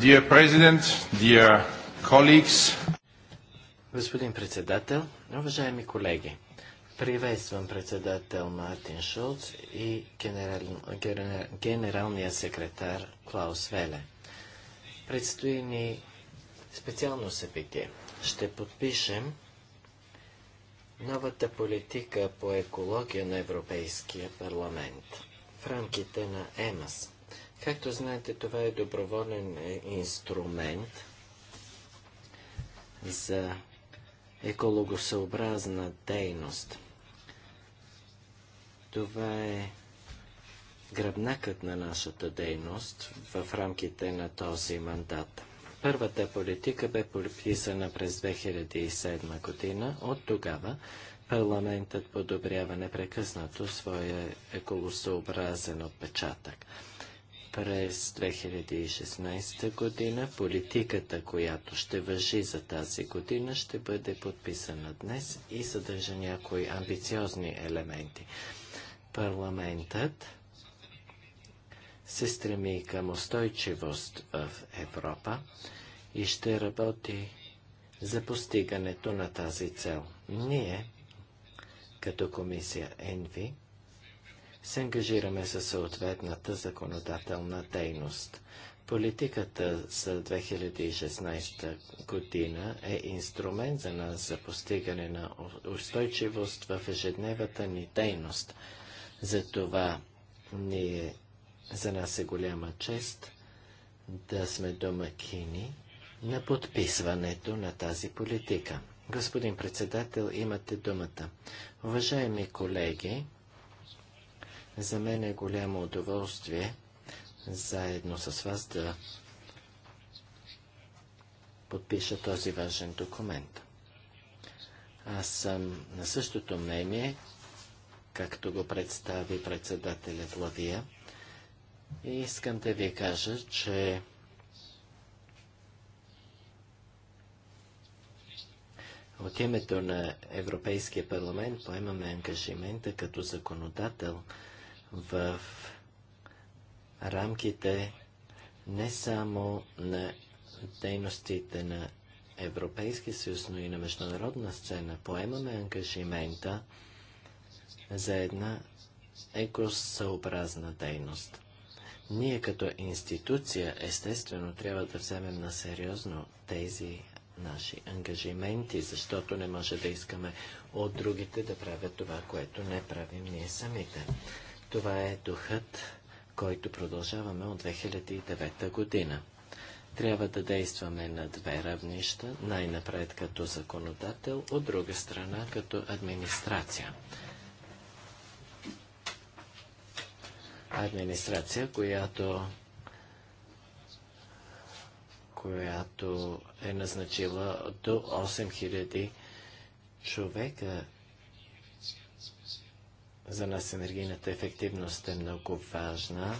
Dear President, dear colleagues. Господин председател, уважаеми колеги, приветствам председател Мартин Шулц и генерал, генерал, генералния секретар Клаус Веле. Предстои ни специално събитие. Ще подпишем новата политика по екология на Европейския парламент в рамките на ЕМАС. Както знаете, това е доброволен е, инструмент за екологосъобразна дейност. Това е гръбнакът на нашата дейност в рамките на този мандат. Първата политика бе подписана през 2007 година. От тогава парламентът подобрява непрекъснато своя екологосъобразен отпечатък през 2016 година. Политиката, която ще въжи за тази година, ще бъде подписана днес и съдържа някои амбициозни елементи. Парламентът се стреми към устойчивост в Европа и ще работи за постигането на тази цел. Ние, като комисия ЕНВИ, се ангажираме със съответната законодателна дейност. Политиката за 2016 година е инструмент за нас за постигане на устойчивост в ежедневата ни дейност. Затова ние, за нас е голяма чест да сме домакини на подписването на тази политика. Господин председател, имате думата. Уважаеми колеги, за мен е голямо удоволствие заедно с вас да подпиша този важен документ. Аз съм на същото мнение, както го представи председателят Лавия, и искам да ви кажа, че от името на Европейския парламент поемаме ангажимента като законодател – в рамките не само на дейностите на Европейския съюз, но и на международна сцена поемаме ангажимента за една екосъобразна дейност. Ние като институция, естествено, трябва да вземем на сериозно тези наши ангажименти, защото не може да искаме от другите да правят това, което не правим ние самите. Това е духът, който продължаваме от 2009 година. Трябва да действаме на две равнища, най-напред като законодател, от друга страна като администрация. Администрация, която която е назначила до 8000 човека за нас енергийната ефективност е много важна.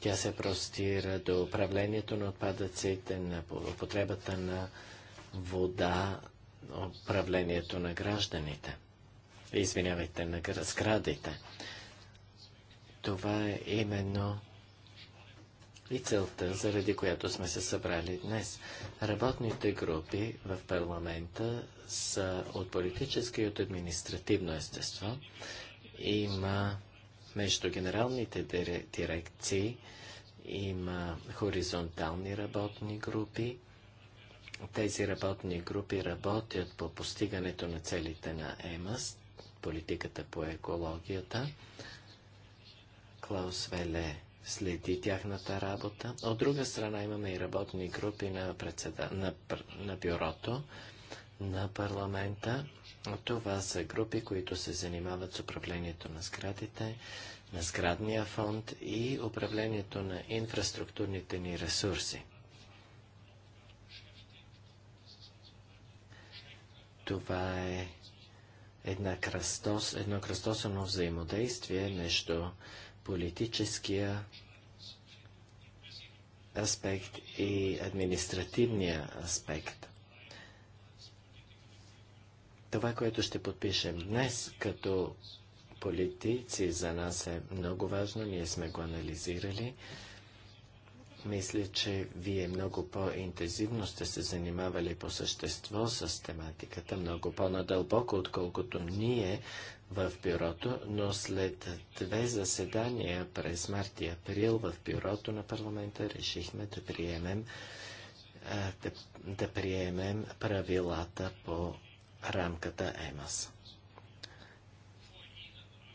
Тя се простира до управлението на отпадъците, на употребата на вода, управлението на гражданите. Извинявайте, на сградите. Това е именно и целта, заради която сме се събрали днес. Работните групи в парламента са от политическо и от административно естество. Има между генералните дирекции, има хоризонтални работни групи. Тези работни групи работят по постигането на целите на ЕМАС, политиката по екологията. Клаус Веле следи тяхната работа. От друга страна имаме и работни групи на, председа... на, на бюрото на парламента. Това са групи, които се занимават с управлението на сградите, на сградния фонд и управлението на инфраструктурните ни ресурси. Това е една кръстос, едно кръстосано взаимодействие между политическия аспект и административния аспект. Това, което ще подпишем днес като политици за нас е много важно, ние сме го анализирали. Мисля, че вие много по-интензивно сте се занимавали по същество с тематиката, много по-надълбоко, отколкото ние в бюрото, но след две заседания през март и април в бюрото на парламента решихме да приемем, да, да приемем правилата по рамката ЕМАС.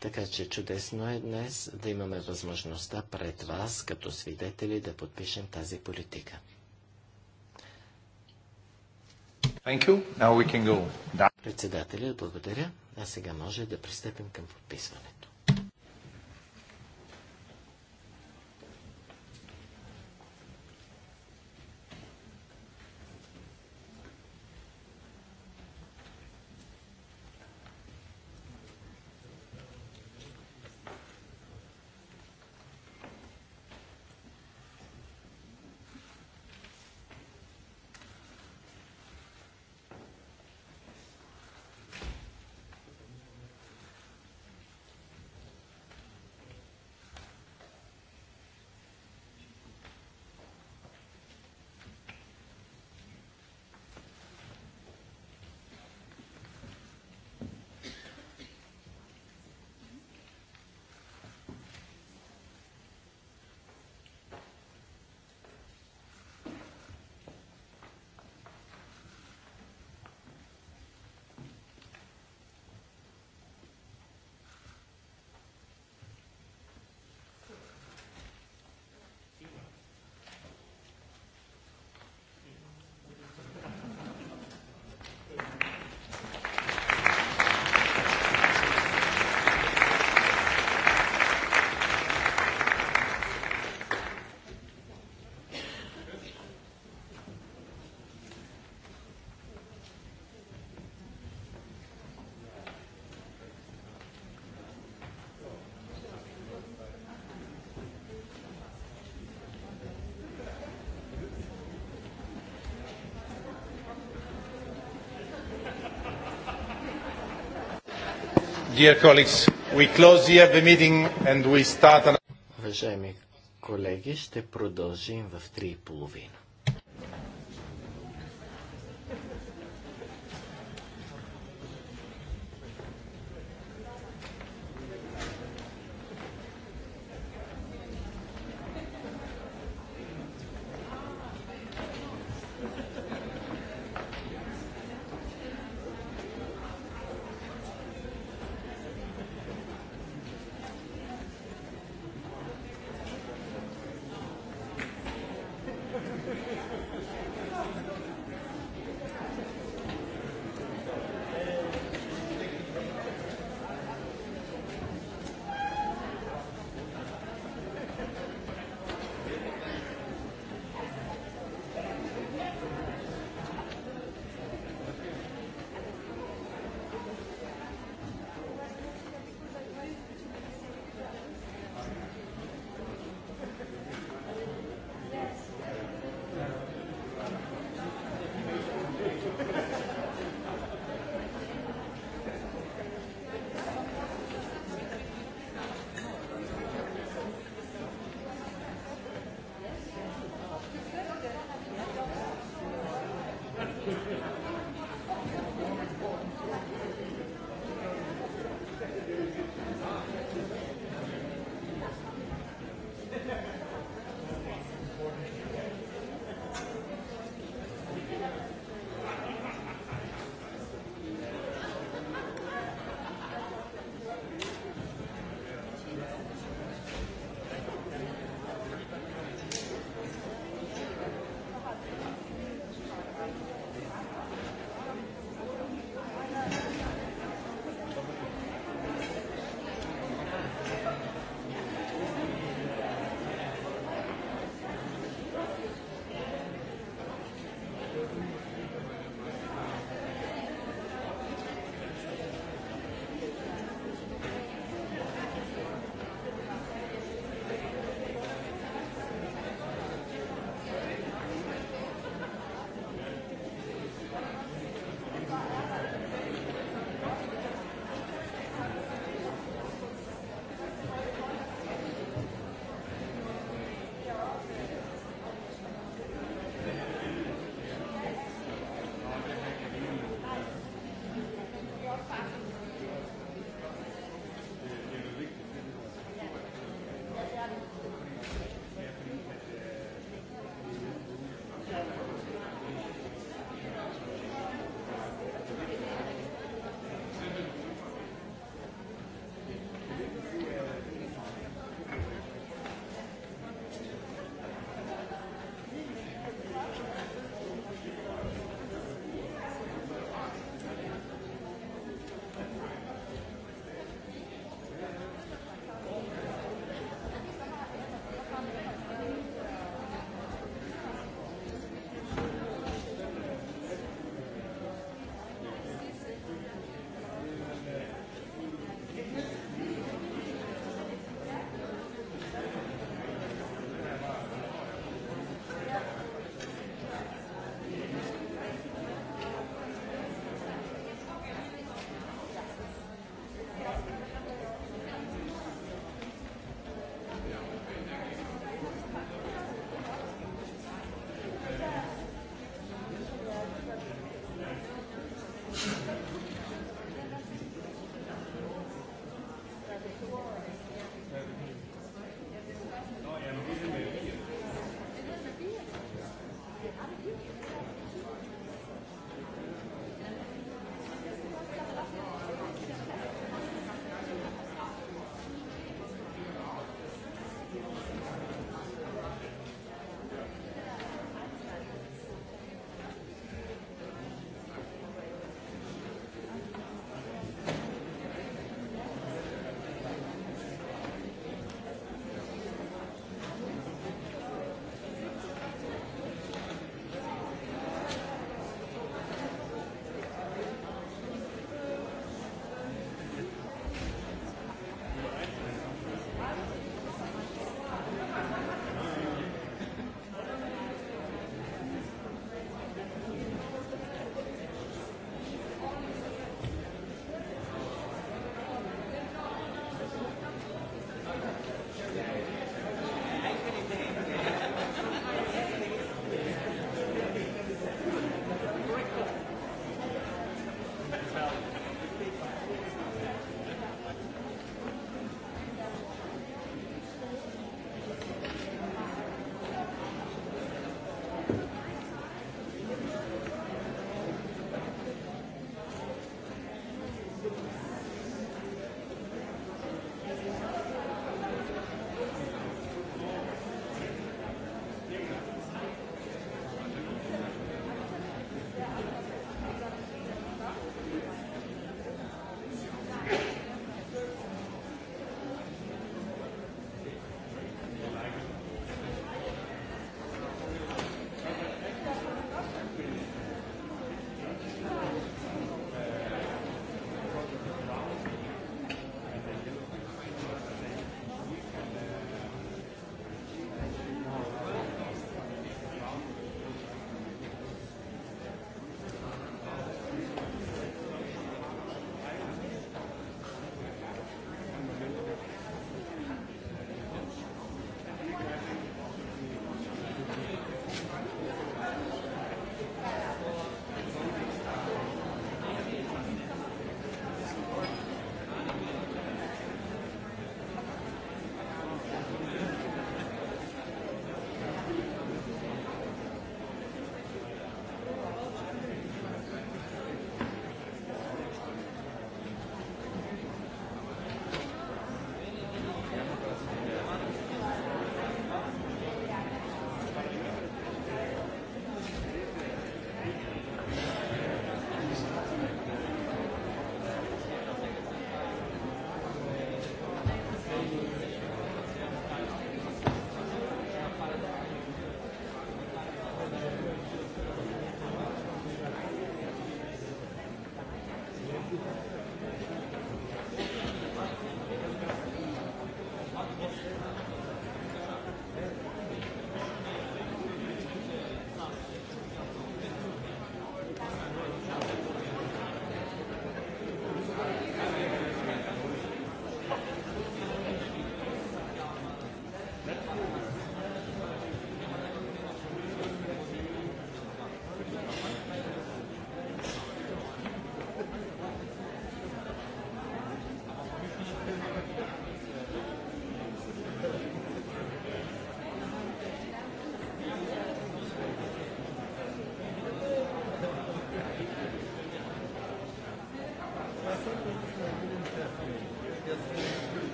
Така че чудесно е днес да имаме възможността пред вас като свидетели да подпишем тази политика. Председателя, благодаря. А сега може да пристъпим към подписването. Dear colleagues, we close here the meeting and we start... Уважаеми колеги, ще продължим в 3.30.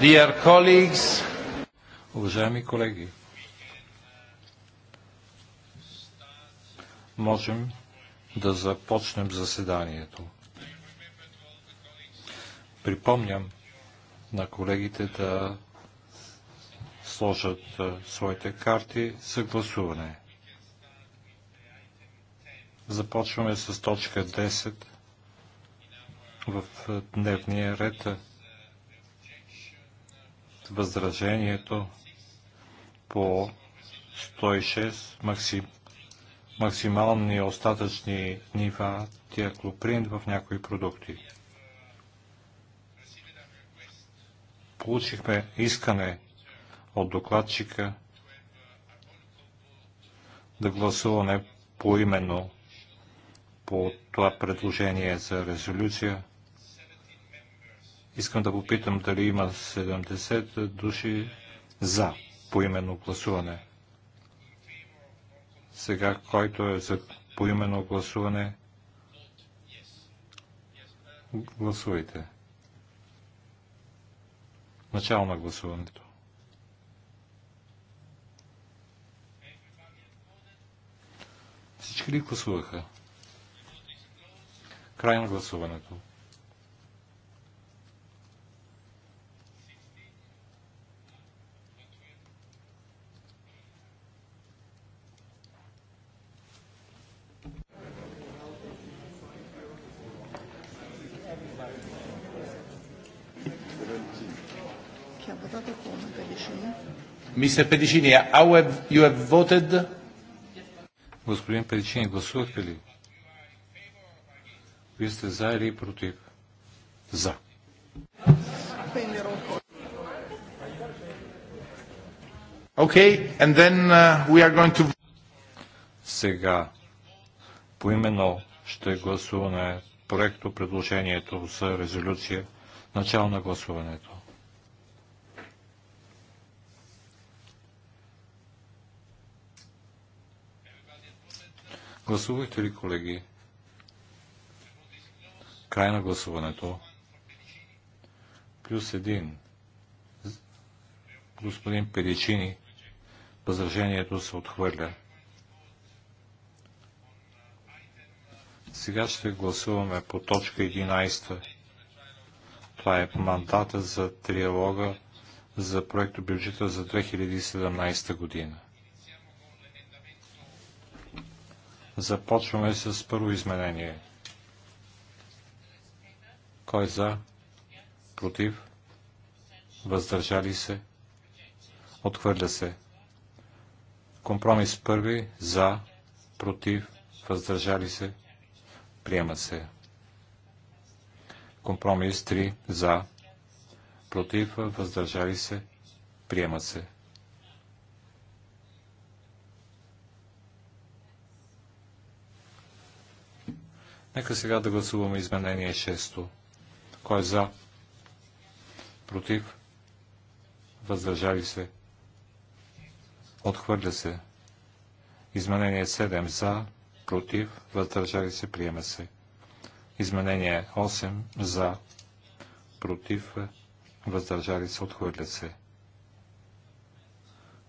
Dear colleagues, уважаеми колеги, можем да започнем заседанието. Припомням на колегите да сложат своите карти за гласуване. Започваме с точка 10 в дневния ред възражението по 106 максим, максимални остатъчни нива тиаклоприн в някои продукти. Получихме искане от докладчика да гласуваме поименно по това предложение за резолюция. Искам да попитам дали има 70 души за поименно гласуване. Сега, който е за поименно гласуване, гласувайте. Начало на гласуването. Всички ли гласуваха? Край на гласуването. Мистер Педичини, you have voted? Господин Педичини, гласувахте ли? Вие сте за или против? За. Okay, and then uh, we are going to... Сега поименно ще гласуваме проекто предложението за резолюция начало на гласуването. Гласувахте ли, колеги? Край на гласуването. Плюс един. Господин Перичини. Възражението се отхвърля. Сега ще гласуваме по точка 11. Това е мандата за триалога за проекто бюджета за 2017 година. Започваме с първо изменение. Кой е за? Против? Въздържали се? Отхвърля се. Компромис първи. За? Против? Въздържали се? Приема се. Компромис 3. За. Против. Въздържали се. Приема се. Нека сега да гласуваме изменение 6. Кой е за? Против? Въздържали се? Отхвърля се. Изменение 7 за, против, въздържали се, приема се. Изменение 8 за, против, въздържали се, отхвърля се.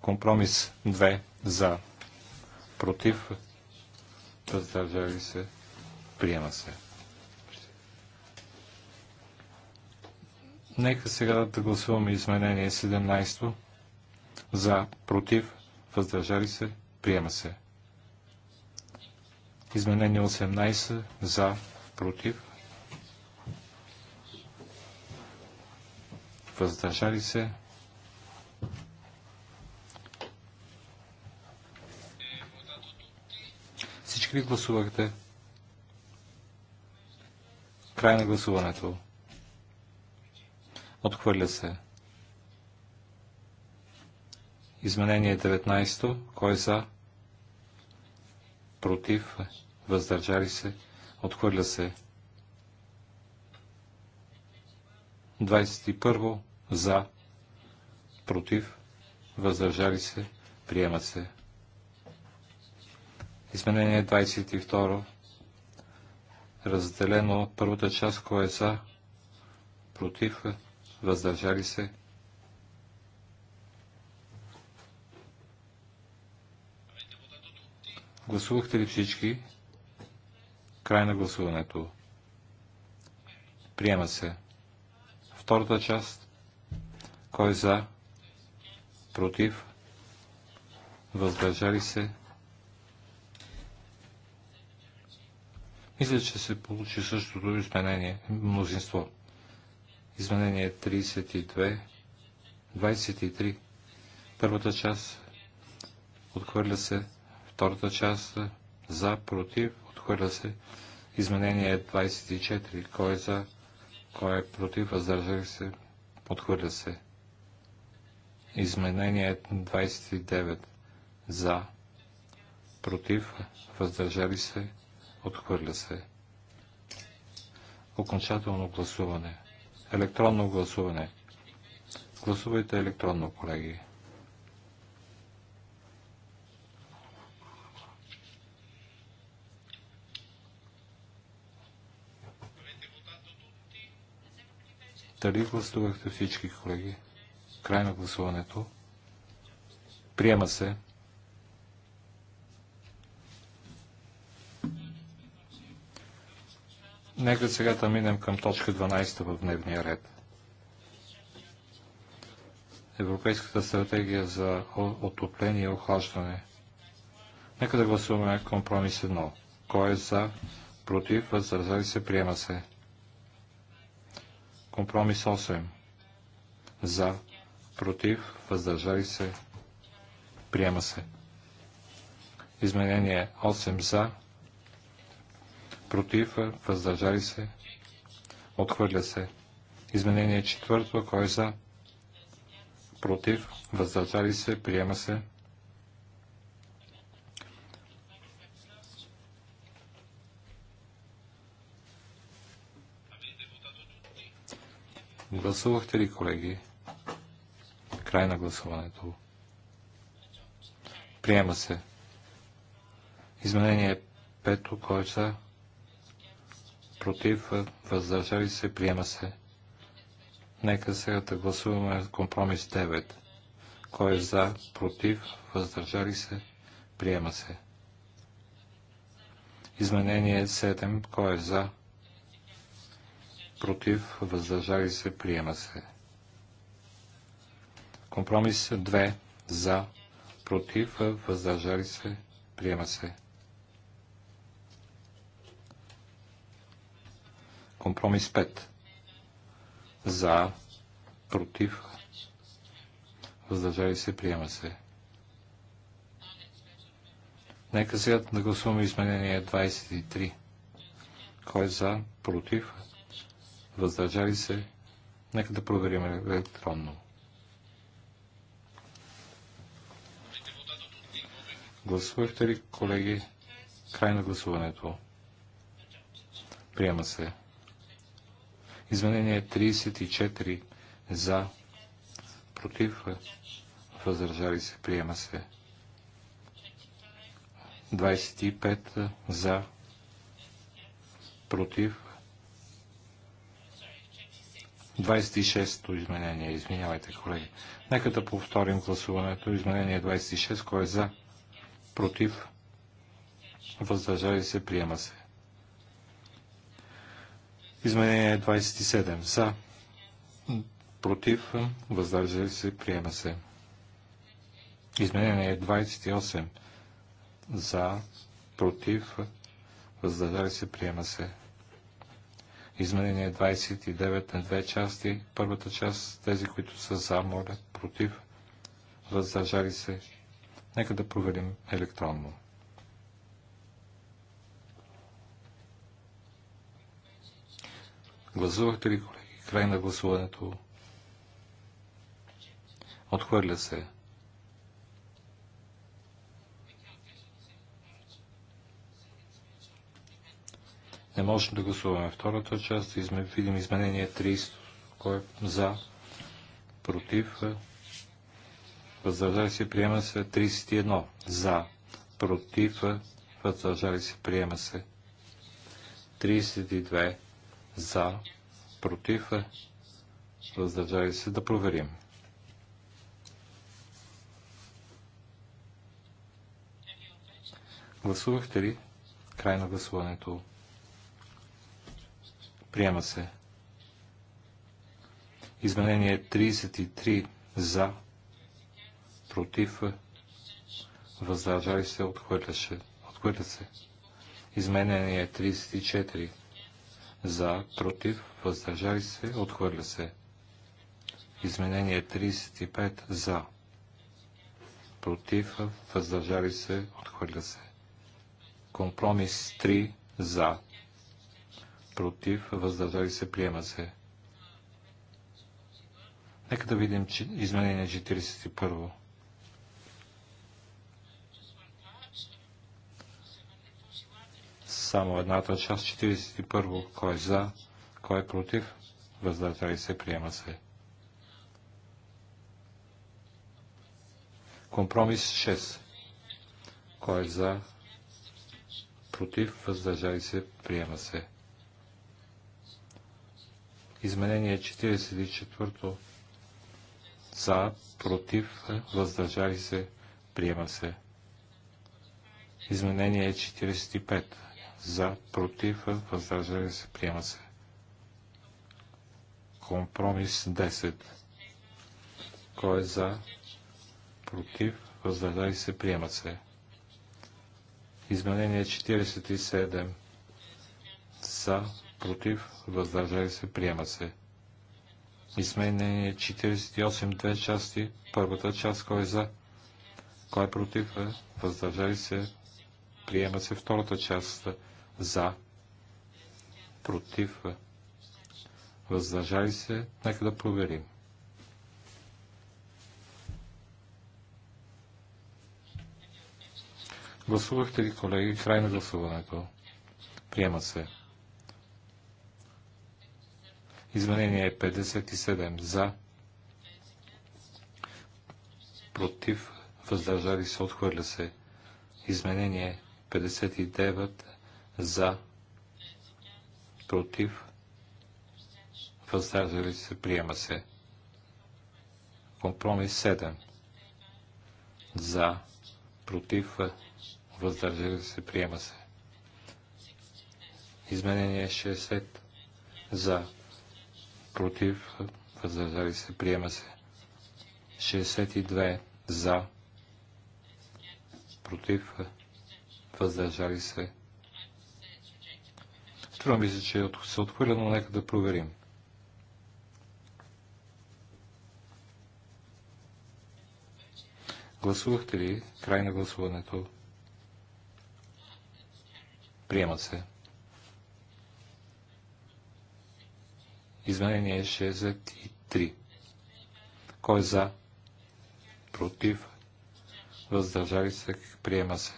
Компромис 2 за, против, въздържали се, Приема се. Нека сега да гласуваме изменение 17. За, против, въздържали се, приема се. Изменение 18. За, против, въздържали се. Всички ли гласувахте? Край на гласуването. Отхвърля се. Изменение 19. Кой е за? Против? Въздържали се? Отхвърля се. 21. За? Против? Въздържали се? Приема се. Изменение 22 разделено първата част, кой е за, против, въздържали се. Гласувахте ли всички? Край на гласуването. Приема се. Втората част. Кой е за? Против? Въздържали се? Мисля, че се получи същото изменение, мнозинство. Изменение 32, 23. Първата част отхвърля се, втората част за, против, отхвърля се. Изменение 24. Кой е за, кой е против, въздържали се, отхвърля се. Изменение 29. За, против, въздържали се, Отхвърля се. Окончателно гласуване. Електронно гласуване. Гласувайте електронно, колеги. Дали гласувахте всички колеги? Край на гласуването. Приема се. Нека сега да минем към точка 12 в дневния ред. Европейската стратегия за отопление и охлаждане. Нека да гласуваме компромис 1. Кой е за? Против? Въздържали се? Приема се. Компромис 8. За? Против? Въздържали се? Приема се. Изменение 8 за, против, въздържали се, отхвърля се. Изменение четвърто, кой е за, против, въздържали се, приема се. Гласувахте ли, колеги? Край на гласуването. Приема се. Изменение пето, кой е за, против, въздържали се, приема се. Нека сега да гласуваме компромис 9. Кой е за, против, въздържали се, приема се. Изменение 7. Кой е за, против, въздържали се, приема се. Компромис 2. За, против, въздържали се, приема се. Компромис 5. За, против, въздържали се, приема се. Нека сега да гласуваме изменение 23. Кой е за, против, въздържали се? Нека да проверим електронно. Гласувахте ли, колеги, край на гласуването? Приема се. Изменение 34 за, против, въздържали се, приема се. 25 за, против. 26-то изменение, извинявайте, колеги. Нека да повторим гласуването. Изменение 26, кое е за, против, въздържали се, приема се. Изменение 27. За. Против. Въздържали се. Приема се. Изменение 28. За. Против. Въздържали се. Приема се. Изменение 29 на две части. Първата част, тези, които са за, моля, против, въздържали се. Нека да проверим електронно. Гласувахте ли, колеги? Край на гласуването. Отхвърля се. Не можем да гласуваме втората част. видим изменение 30. Кой е за? Против? Въздържали се, приема се 31. За. Против? Въздържали се, приема се 32 за, против, въздържали се да проверим. Гласувахте ли? Край на гласуването. Приема се. Изменение 33 за, против, въздържали се, отхвърля се. Отхвърля се. Изменение 34 за, против, въздържали се, отхвърля се. Изменение 35 за, против, въздържали се, отхвърля се. Компромис 3 за, против, въздържали се, приема се. Нека да видим че изменение 41. само едната част, 41. Кой е за, кой е против, въздържали се, приема се. Компромис 6. Кой е за, против, въздържали се, приема се. Изменение 44. За, против, въздържали се, приема се. Изменение 45 за, против, въздържали се, приема се. Компромис 10. Кой е за, против, въздържали се, приема се. Изменение 47. За, против, въздържали се, приема се. Изменение 48, две части. Първата част, кой е за, кой е против, въздържали се, приема се втората част за, против, въздържали се, нека да проверим. Гласувахте ли, колеги? Край на гласуването. Приема се. Изменение е 57 за, против, въздържали се, отхвърля се. Изменение 59 за, против, въздържали се, приема се. Компромис 7 за, против, въздържали се, приема се. Изменение 60 за, против, въздържали се, приема се. 62 за, против, въздържали се, Струва ми се, че е се отхвърля, но нека да проверим. Гласувахте ли край на гласуването? Приема се. Изменение 63. Кой е за? Против? Въздържали се? Приема се.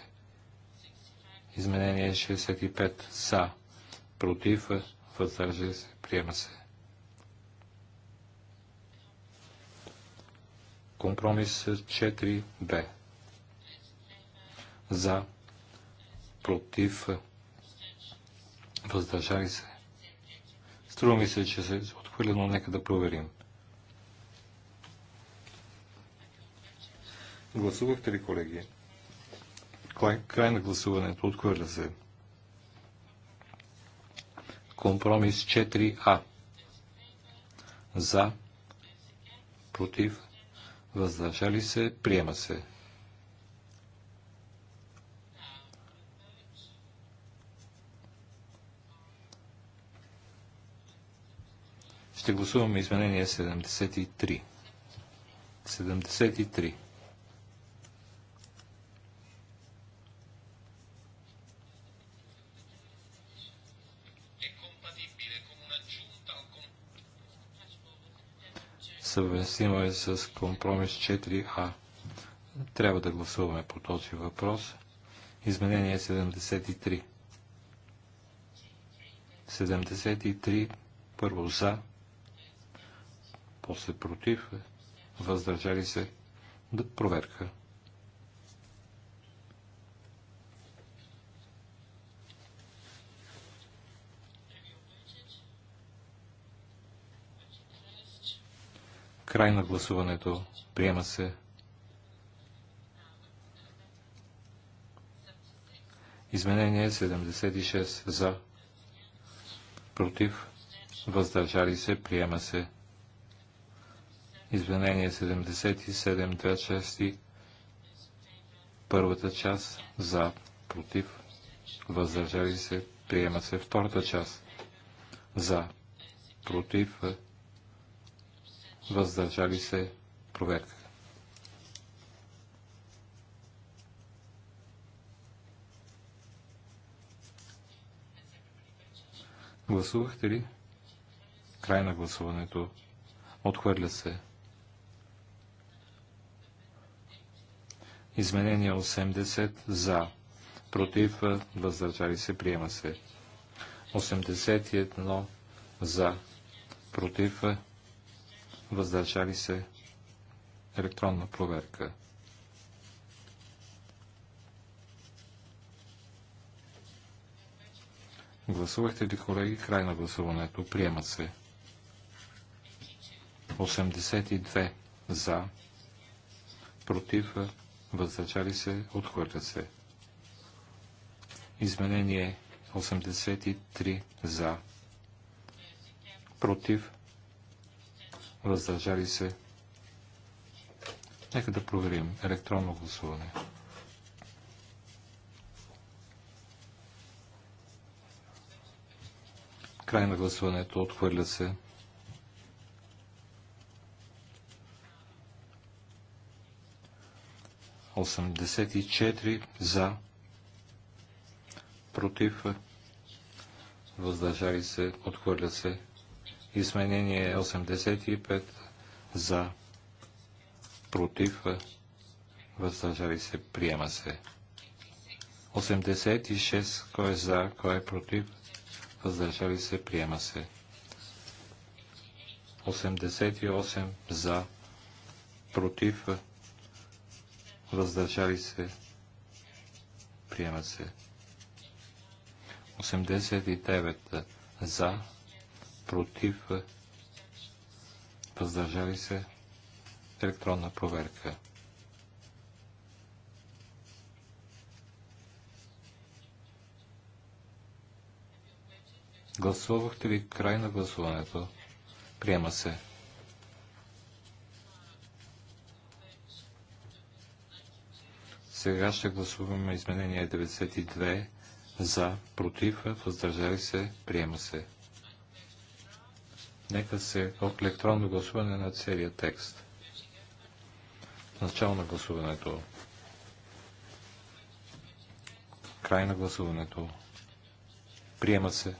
Изменение 65. За против, въздържа се, приема се. Компромис 4Б. За, против, въздържали се. Струва ми се, че се отхвърля, но нека да проверим. Гласувахте ли, колеги? Край на гласуването отхвърля се. Компромис 4А. За. Против. Въздържали се. Приема се. Ще гласуваме изменение 73. 73. съвместимо е с компромис 4А. Трябва да гласуваме по този въпрос. Изменение 73. 73. Първо за, после против, въздържали се. Да проверка. Край на гласуването. Приема се. Изменение 76 за. Против. Въздържали се. Приема се. Изменение 77, две части. Първата част за, против, въздържали се, приема се. Втората част за, против, въздържали се, проверка. Гласувахте ли? Край на гласуването. Отхвърля се. Изменение 80 за. Против, въздържали се, приема се. 81 за. Против, въздържали се, електронна проверка. Гласувахте ли, колеги? Край на гласуването. Приема се. 82 за, против, въздържали се, отхвърля се. Изменение 83 за, против, въздържали се. Нека да проверим електронно гласуване. Край на гласуването отхвърля се. Осемдесет и четири за, против, въздържали се, отхвърля се Изменение 85 за, против, въздържали се, приема се. 86, кой е за, кой е против, въздържали се, приема се. 88 за, против, въздържали се, приема се. 89 за, против, въздържали се, електронна проверка. Гласувахте ли край на гласуването? Приема се. Сега ще гласуваме изменение 92 за, против, въздържали се, приема се. Нека се от електронно гласуване на целия текст. Начало на гласуването. Край на гласуването. Приема се.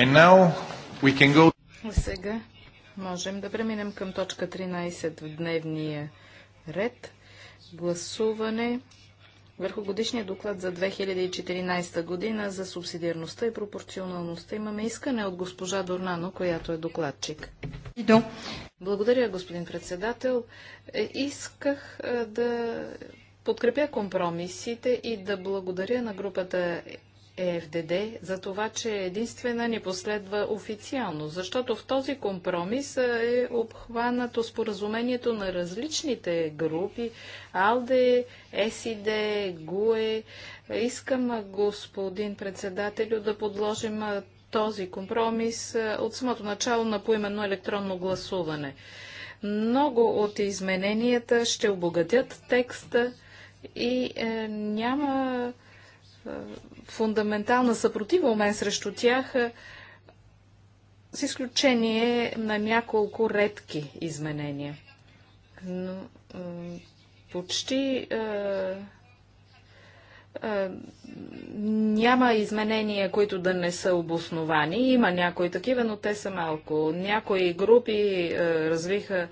And now we can go. Сега можем да преминем към точка 13 в дневния ред. Гласуване върху годишния доклад за 2014 година за субсидиарността и пропорционалността. Имаме искане от госпожа Дорнано, която е докладчик. Идо. Благодаря, господин председател. Е, исках да подкрепя компромисите и да благодаря на групата ЕФДД за това, че единствена ни последва официално, защото в този компромис е обхванато споразумението на различните групи АЛДЕ, СИД, ГУЕ. Искам, господин председателю, да подложим този компромис от самото начало на поименно електронно гласуване. Много от измененията ще обогатят текста и е, няма фундаментална съпротива у мен срещу тях, е, с изключение на няколко редки изменения. Но почти е, е, няма изменения, които да не са обосновани. Има някои такива, но те са малко. Някои групи развиха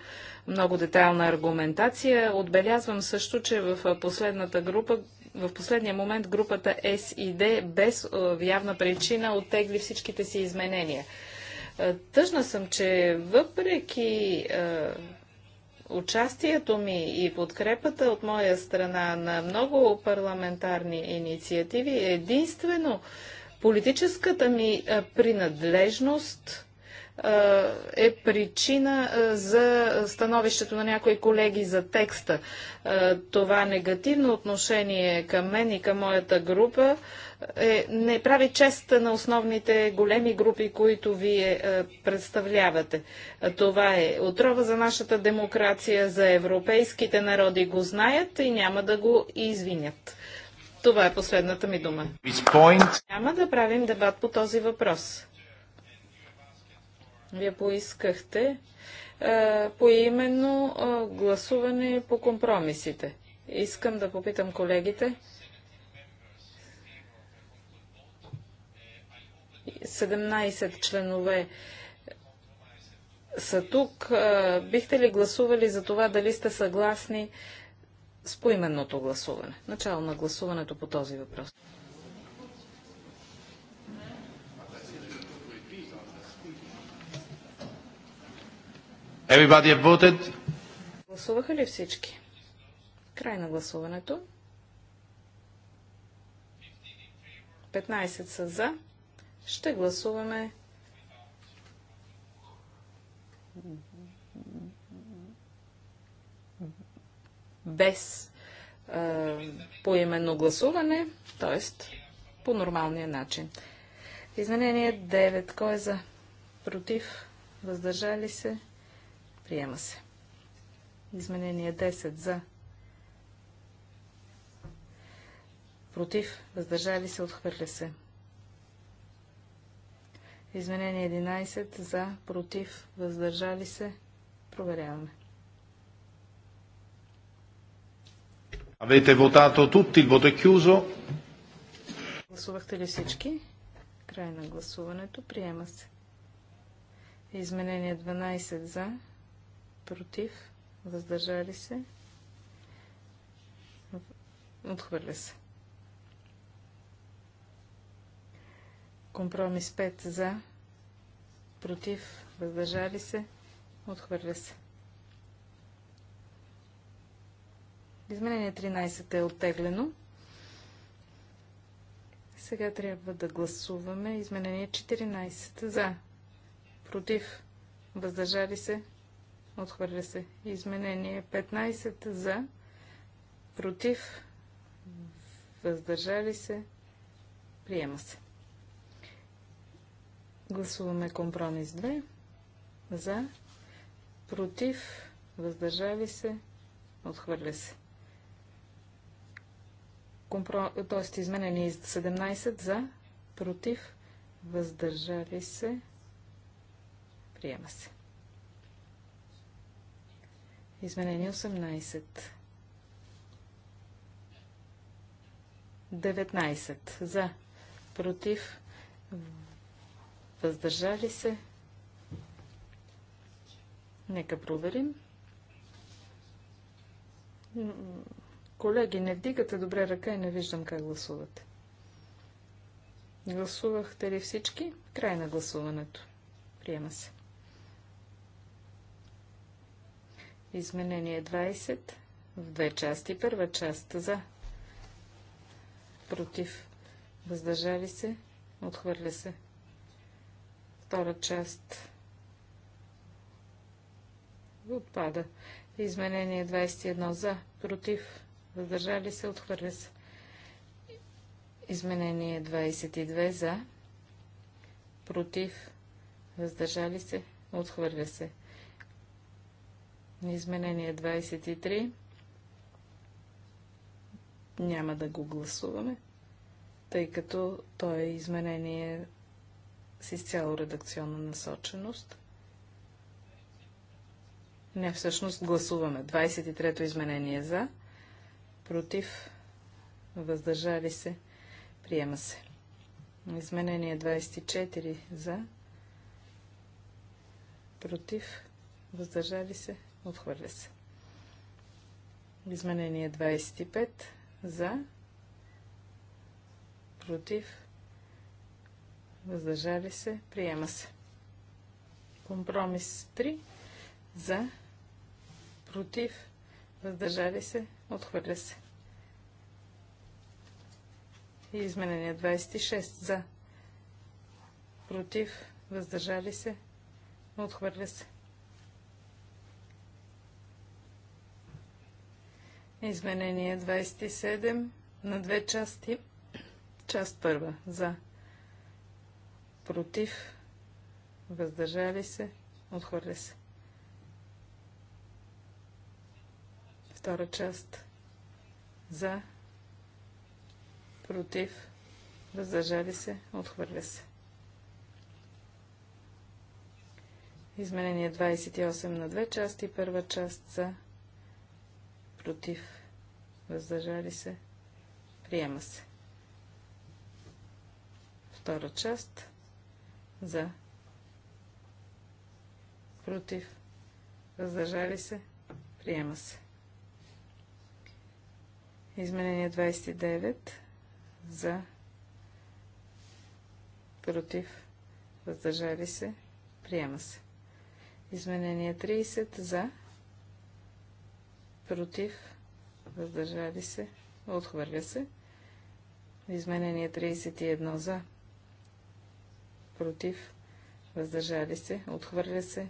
много детайлна аргументация. Отбелязвам също, че в последната група в последния момент групата SID без е, явна причина оттегли всичките си изменения. Е, тъжна съм, че въпреки е, участието ми и подкрепата от моя страна на много парламентарни инициативи, единствено политическата ми принадлежност е причина за становището на някои колеги за текста. Това негативно отношение към мен и към моята група е, не прави чест на основните големи групи, които вие представлявате. Това е отрова за нашата демокрация, за европейските народи го знаят и няма да го извинят. Това е последната ми дума. Няма да правим дебат по този въпрос. Вие поискахте е, поименно е, гласуване по компромисите. Искам да попитам колегите. 17 членове са тук. Е, бихте ли гласували за това дали сте съгласни с поименното гласуване? Начало на гласуването по този въпрос. Everybody have voted? Гласуваха ли всички? Край на гласуването. 15 са за. Ще гласуваме без е, поименно гласуване, т.е. по нормалния начин. Изменение 9. Кой е за? Против? Въздържали се? Приема се. Изменение 10 за. Против. Въздържали се. Отхвърля се. Изменение 11 за. Против. Въздържали се. Проверяваме. Avete votato tutti, il voto è chiuso. Гласувахте ли всички? Край на гласуването. Приема се. Изменение 12 за против, въздържали се, отхвърля се. Компромис 5 за, против, въздържали се, отхвърля се. Изменение 13 е оттеглено. Сега трябва да гласуваме изменение 14 за, против, въздържали се, Отхвърля се. Изменение 15 за. Против. Въздържали се. Приема се. Гласуваме компромис 2. За. Против. Въздържали се. Отхвърля се. Компро... Тоест изменени 17 за. Против. Въздържали се. Приема се. Изменение 18. 19. За. Против. Въздържали се. Нека проверим. Колеги, не вдигате добре ръка и не виждам как гласувате. Гласувахте ли всички? Край на гласуването. Приема се. Изменение 20 в две части. Първа част за, против, въздържали се, отхвърля се. Втора част отпада. Изменение 21 за, против, въздържали се, отхвърля се. Изменение 22 за, против, въздържали се, отхвърля се. Изменение 23. Няма да го гласуваме, тъй като то е изменение с изцяло редакционна насоченост. Не, всъщност гласуваме. 23-то изменение за, против, въздържали се, приема се. Изменение 24 за, против, въздържали се, Отхвърля се. Изменение 25 за, против, въздържали се, приема се. Компромис 3 за, против, въздържали се, отхвърля се. И изменение 26 за, против, въздържали се, отхвърля се. Изменение 27 на две части. Част първа. За. Против. Въздържали се. Отхвърля се. Втора част. За. Против. Въздържали се. Отхвърля се. Изменение 28 на две части. Първа част за против, въздържали се, приема се. Втора част за, против, въздържали се, приема се. Изменение 29 за, против, въздържали се, приема се. Изменение 30 за, против, въздържали се, отхвърля се. Изменение 31 за, против, въздържали се, отхвърля се.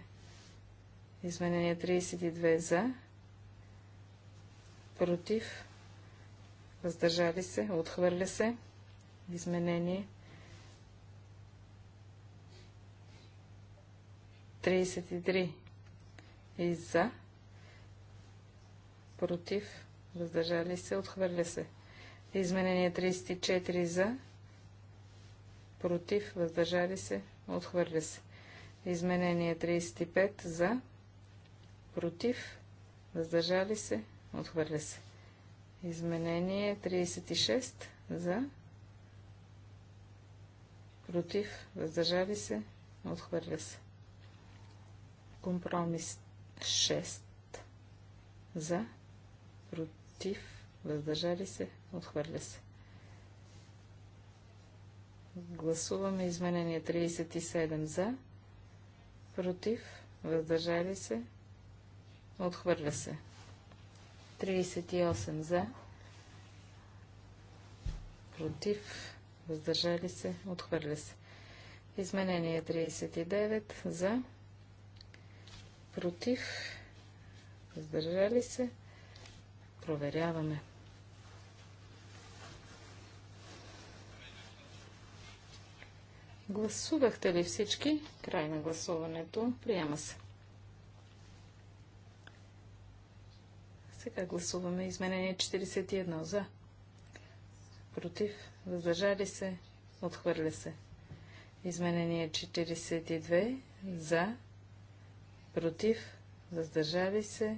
Изменение 32 за, против, въздържали се, отхвърля се. Изменение 33 и за, против, въздържали се, отхвърля се. Изменение 34 за, против, въздържали се, отхвърля се. Изменение 35 за, против, въздържали се, отхвърля се. Изменение 36 за, против, въздържали се, отхвърля се. Компромис 6 за, против, въздържали се, отхвърля се. Гласуваме изменение 37 за, против, въздържали се, отхвърля се. 38 за, против, въздържали се, отхвърля се. Изменение 39 за, против, въздържали се, Проверяваме. Гласувахте ли всички? Край на гласуването. Приема се. Сега гласуваме изменение 41 за. Против. Въздържали се. Отхвърля се. Изменение 42 за. Против. Въздържали се.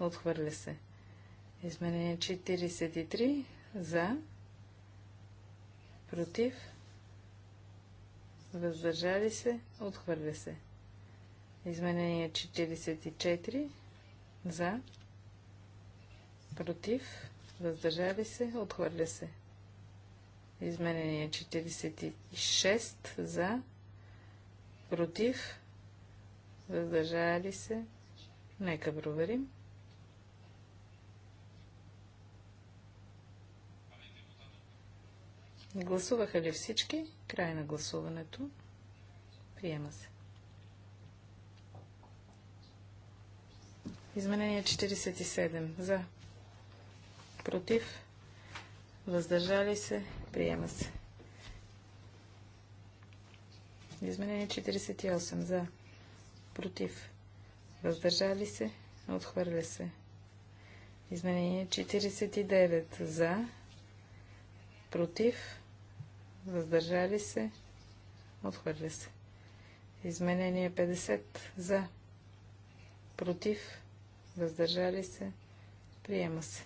Отхвърля се. Изменение 43 за, против, въздържали се, отхвърля се. Изменение 44 за, против, въздържали се, отхвърля се. Изменение 46 за, против, въздържали се. Нека проверим. Гласуваха ли всички? Край на гласуването. Приема се. Изменение 47. За. Против. Въздържали се. Приема се. Изменение 48. За. Против. Въздържали се. Отхвърля се. Изменение 49. За. Против въздържали се, отхвърля се. Изменение 50 за, против, въздържали се, приема се.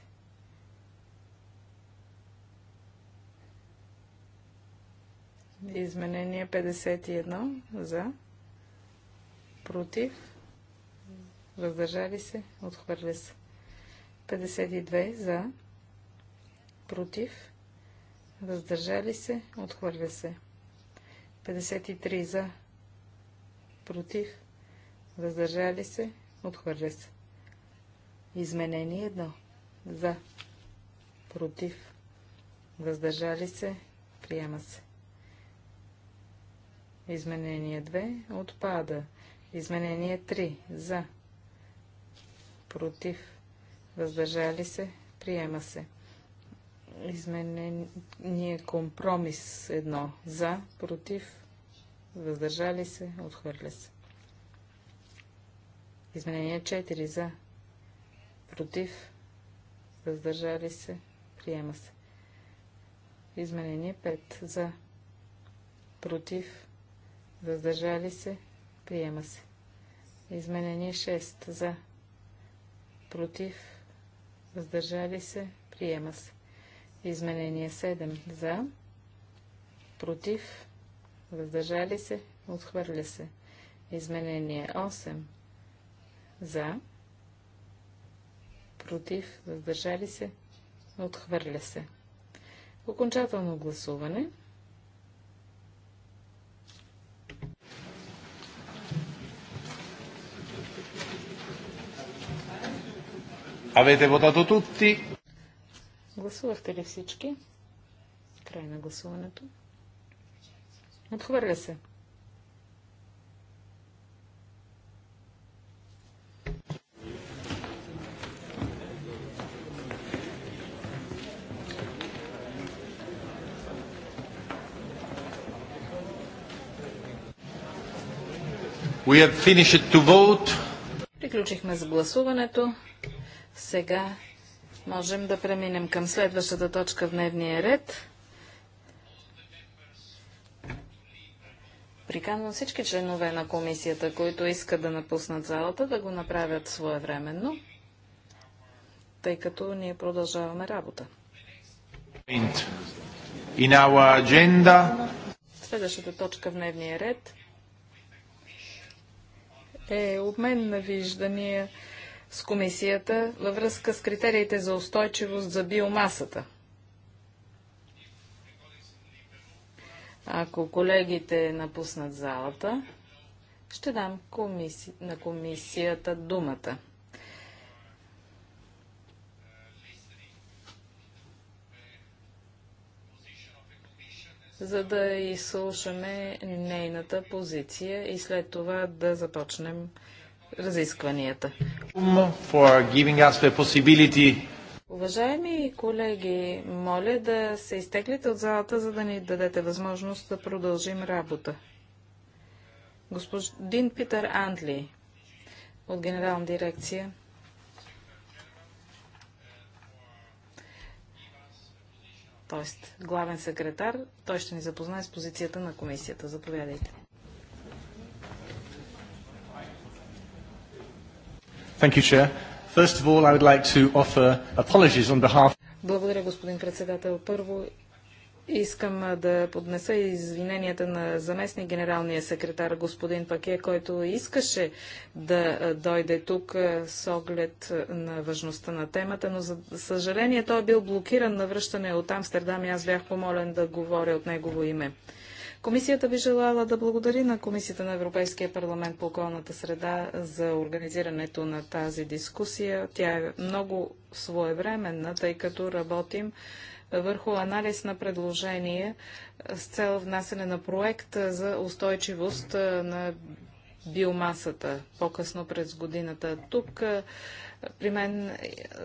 Изменение 51 за, против, въздържали се, отхвърля се. 52 за, против, въздържали се, отхвърля се. 53 за, против, въздържали се, отхвърля се. Изменение 1. За, против, въздържали се, приема се. Изменение 2 отпада. Изменение 3 за, против, въздържали се, приема се. Изменение компромис едно. За, против, въздържали се, отхвърля се. Изменение 4 за, против, въздържали се, приема се. Изменение 5 за, против, въздържали се, приема се. Изменение 6 за, против, въздържали се, приема се. Изменение 7 за, против, въздържали се, отхвърля се. Изменение 8 за, против, въздържали се, отхвърля се. Окончателно гласуване. Avete votato tutti? Гласувахте ли всички? Край на гласуването. Отхвърля се. Приключихме с гласуването. Сега Можем да преминем към следващата точка в дневния ред. Приканвам всички членове на комисията, които искат да напуснат залата, да го направят своевременно, тъй като ние продължаваме работа. Следващата точка в дневния ред е обмен на виждания с комисията във връзка с критериите за устойчивост за биомасата. Ако колегите напуснат залата, ще дам комиси... на комисията думата. за да изслушаме нейната позиция и след това да започнем разискванията. Уважаеми колеги, моля да се изтеглите от залата, за да ни дадете възможност да продължим работа. Господин Питър Андли от Генерална дирекция т.е. главен секретар, той ще ни запознае с позицията на комисията. Заповядайте. Thank you, Chair. First of all, I would like to offer apologies on behalf... Благодаря, господин председател. Първо искам да поднеса извиненията на заместник генералния секретар господин Паке, който искаше да дойде тук с оглед на важността на темата, но за съжаление той е бил блокиран на връщане от Амстердам и аз бях помолен да говоря от негово име. Комисията би желала да благодари на Комисията на Европейския парламент по околната среда за организирането на тази дискусия. Тя е много своевременна, тъй като работим върху анализ на предложение с цел внасене на проект за устойчивост на биомасата по-късно през годината. Тук при мен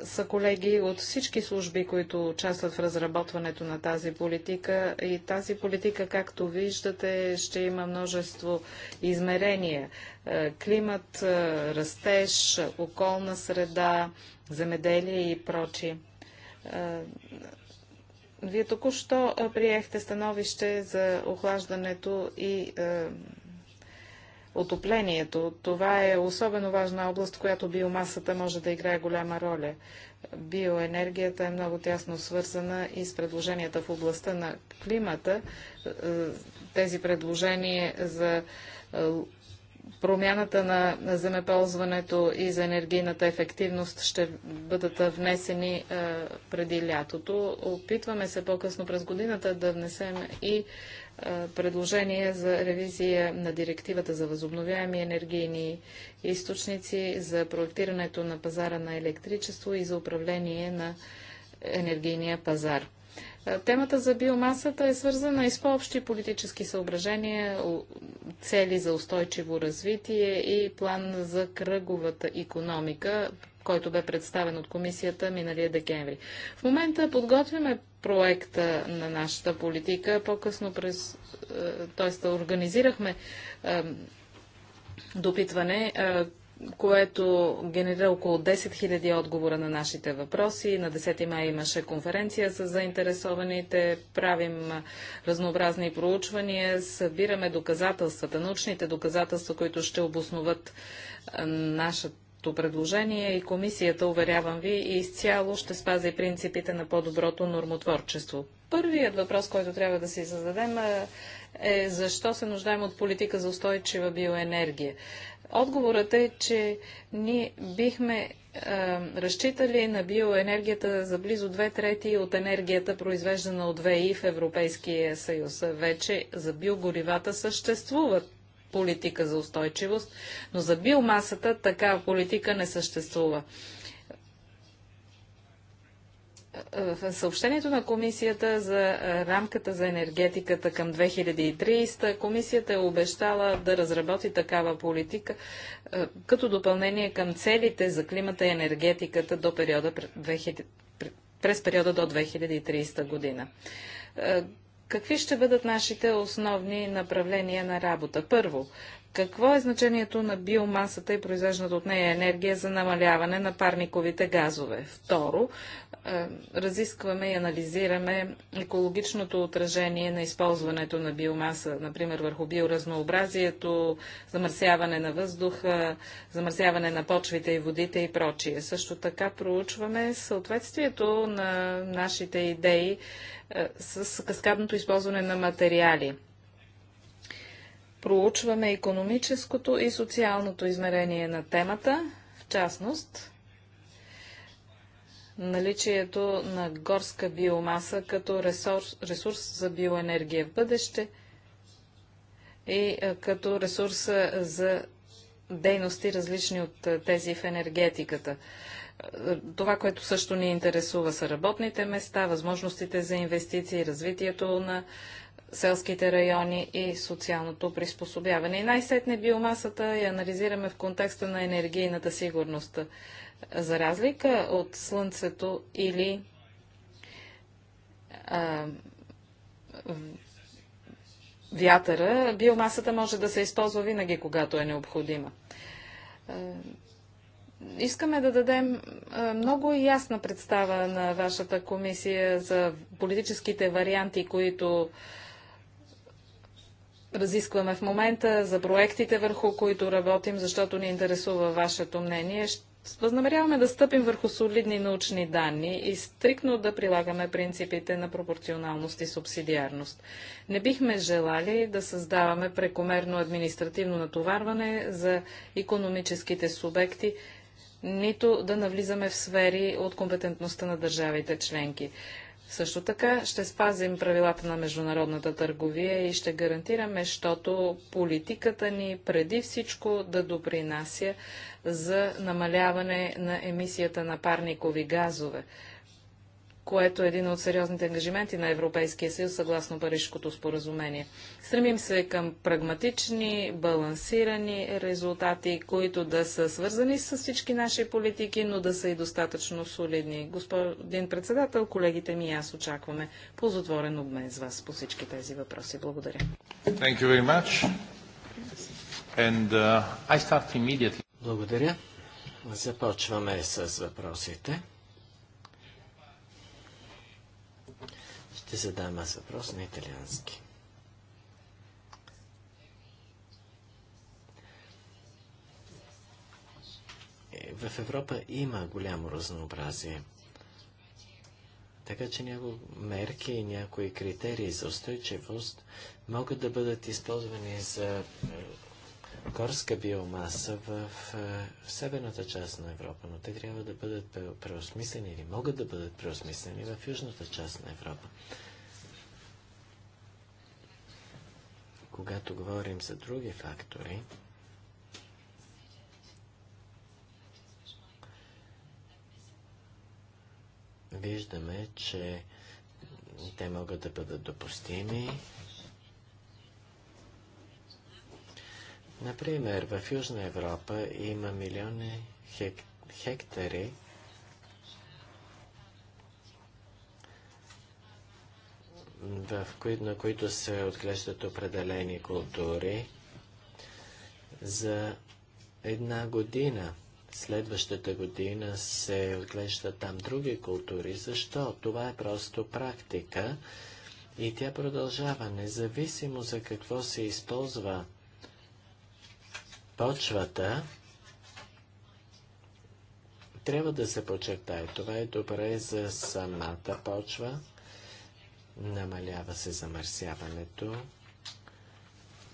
са колеги от всички служби, които участват в разработването на тази политика. И тази политика, както виждате, ще има множество измерения. Е, климат, е, растеж, околна среда, земеделие и прочи. Е, вие току-що приехте становище за охлаждането и отоплението. Това е особено важна област, в която биомасата може да играе голяма роля. Биоенергията е много тясно свързана и с предложенията в областта на климата. Е, тези предложения за е, промяната на земеползването и за енергийната ефективност ще бъдат внесени е, преди лятото. Опитваме се по-късно през годината да внесем и е, предложение за ревизия на директивата за възобновяеми енергийни източници, за проектирането на пазара на електричество и за управление на енергийния пазар. Е, темата за биомасата е свързана и с по-общи политически съображения, цели за устойчиво развитие и план за кръговата економика, който бе представен от комисията миналия декември. В момента подготвяме проекта на нашата политика. По-късно през... т.е. организирахме е, допитване, е, което генерира около 10 000 отговора на нашите въпроси. На 10 май имаше конференция с заинтересованите, правим е, разнообразни проучвания, събираме доказателствата, научните доказателства, които ще обосноват нашата нашето предложение и комисията, уверявам ви, изцяло ще спази принципите на по-доброто нормотворчество. Първият въпрос, който трябва да си зададем е, е защо се нуждаем от политика за устойчива биоенергия. Отговорът е, че ние бихме е, разчитали на биоенергията за близо две трети от енергията, произвеждана от ВИ в Европейския съюз. Вече за биогоривата съществуват политика за устойчивост, но за биомасата такава политика не съществува. Е, е, съобщението на комисията за е, рамката за енергетиката към 2030 комисията е обещала да разработи такава политика като допълнение към целите за климата и енергетиката до периода през периода до 2030 година. Какви ще бъдат нашите основни направления на работа? Първо, какво е значението на биомасата и произвежната от нея енергия за намаляване на парниковите газове? Второ, е, разискваме и анализираме екологичното отражение на използването на биомаса, например върху биоразнообразието, замърсяване на въздуха, замърсяване на почвите и водите и прочие. Също така проучваме съответствието на нашите идеи е, с каскадното използване на материали – проучваме економическото и социалното измерение на темата, в частност наличието на горска биомаса като ресурс, ресурс за биоенергия в бъдеще и като ресурс за дейности, различни от тези в енергетиката. Това, което също ни интересува са работните места, възможностите за инвестиции, развитието на селските райони и социалното приспособяване. И най-сетне биомасата я анализираме в контекста на енергийната сигурност. За разлика от слънцето или а, вятъра, биомасата може да се използва винаги, когато е необходима. искаме да дадем много ясна представа на вашата комисия за политическите варианти, които а, разискваме в момента, за проектите, върху които работим, защото ни интересува вашето мнение. Възнамеряваме да стъпим върху солидни научни данни и стрикно да прилагаме принципите на пропорционалност и субсидиарност. Не бихме желали да създаваме прекомерно административно натоварване за економическите субекти, нито да навлизаме в сфери от компетентността на държавите членки. Също така ще спазим правилата на международната търговия и ще гарантираме, защото политиката ни преди всичко да допринася за намаляване на емисията на парникови газове което е един от сериозните ангажименти на Европейския съюз съгласно Парижското споразумение. Стремим се към прагматични, балансирани резултати, които да са свързани с всички наши политики, но да са и достатъчно солидни. Господин председател, колегите ми и аз очакваме ползотворен обмен с вас по всички тези въпроси. Благодаря. And, uh, Благодаря. Започваме с въпросите. Ще задам аз въпрос на италиански. Е, в Европа има голямо разнообразие. Така че някои мерки и някои критерии за устойчивост могат да бъдат използвани за е, горска биомаса в, е, в северната част на Европа, но те трябва да бъдат преосмислени или могат да бъдат преосмислени в южната част на Европа. Когато говорим за други фактори, виждаме, че те могат да бъдат допустими Например, в Южна Европа има милиони хек... хектари в кои, на които се отглеждат определени култури за една година. Следващата година се отглеждат там други култури. Защо? Това е просто практика и тя продължава, независимо за какво се използва Почвата трябва да се почертае. Това е добре за самата почва. Намалява се замърсяването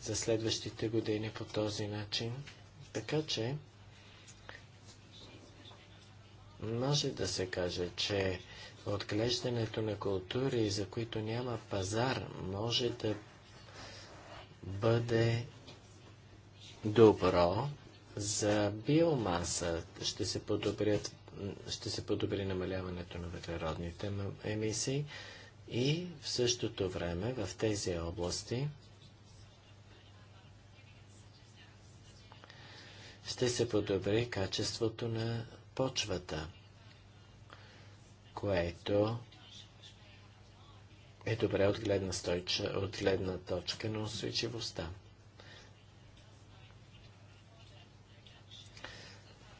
за следващите години по този начин. Така че може да се каже, че отглеждането на култури, за които няма пазар, може да бъде добро за биомаса. Ще се, подобрят, ще се подобри намаляването на въглеродните емисии и в същото време в тези области ще се подобри качеството на почвата, което е добре от гледна, стойча, от гледна точка на устойчивостта.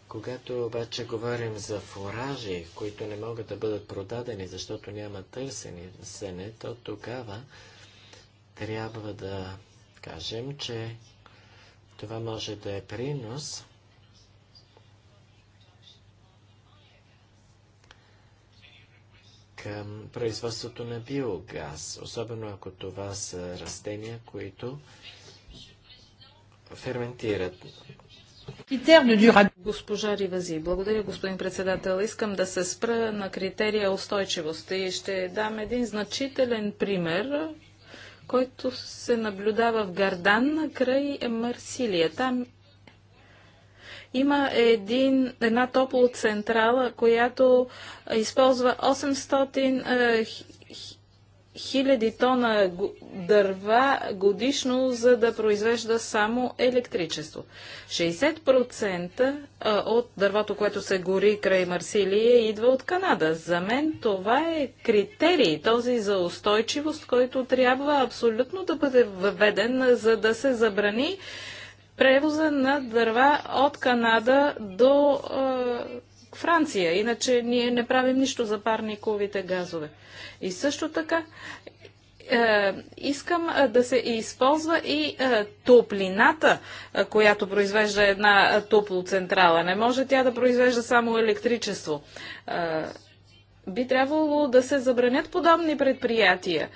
Когато обаче говорим за фуражи, които не могат да бъдат продадени, защото няма търсене, то тогава трябва да кажем, че това може да е принос към производството на биогаз, особено ако това са растения, които ферментират. Госпожа Ривази, благодаря господин председател. Искам да се спра на критерия устойчивост и ще дам един значителен пример, който се наблюдава в Гардан край Марсилия. Там има един, една топлоцентрала, която използва 800 хиляди тона дърва годишно, за да произвежда само електричество. 60% от дървото, което се гори край Марсилия, идва от Канада. За мен това е критерий, този за устойчивост, който трябва абсолютно да бъде въведен, за да се забрани превоза на дърва от Канада до Франция. Иначе ние не правим нищо за парниковите газове. И също така е, искам е, да се използва и е, топлината, е, която произвежда една е, топлоцентрала. Не може тя да произвежда само електричество. Би трябвало да се забранят подобни предприятия,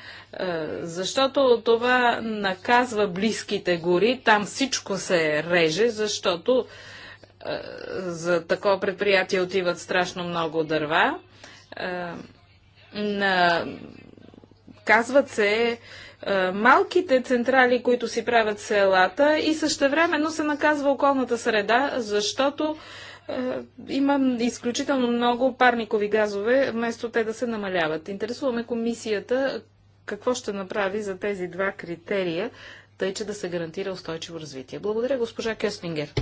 защото това наказва близките гори. Там всичко се реже, защото за такова предприятие отиват страшно много дърва. Е, на... Казват се е, малките централи, които си правят селата и същевременно се наказва околната среда, защото е, има изключително много парникови газове, вместо те да се намаляват. Интересуваме комисията какво ще направи за тези два критерия, тъй е, че да се гарантира устойчиво развитие. Благодаря, госпожа Кестингер.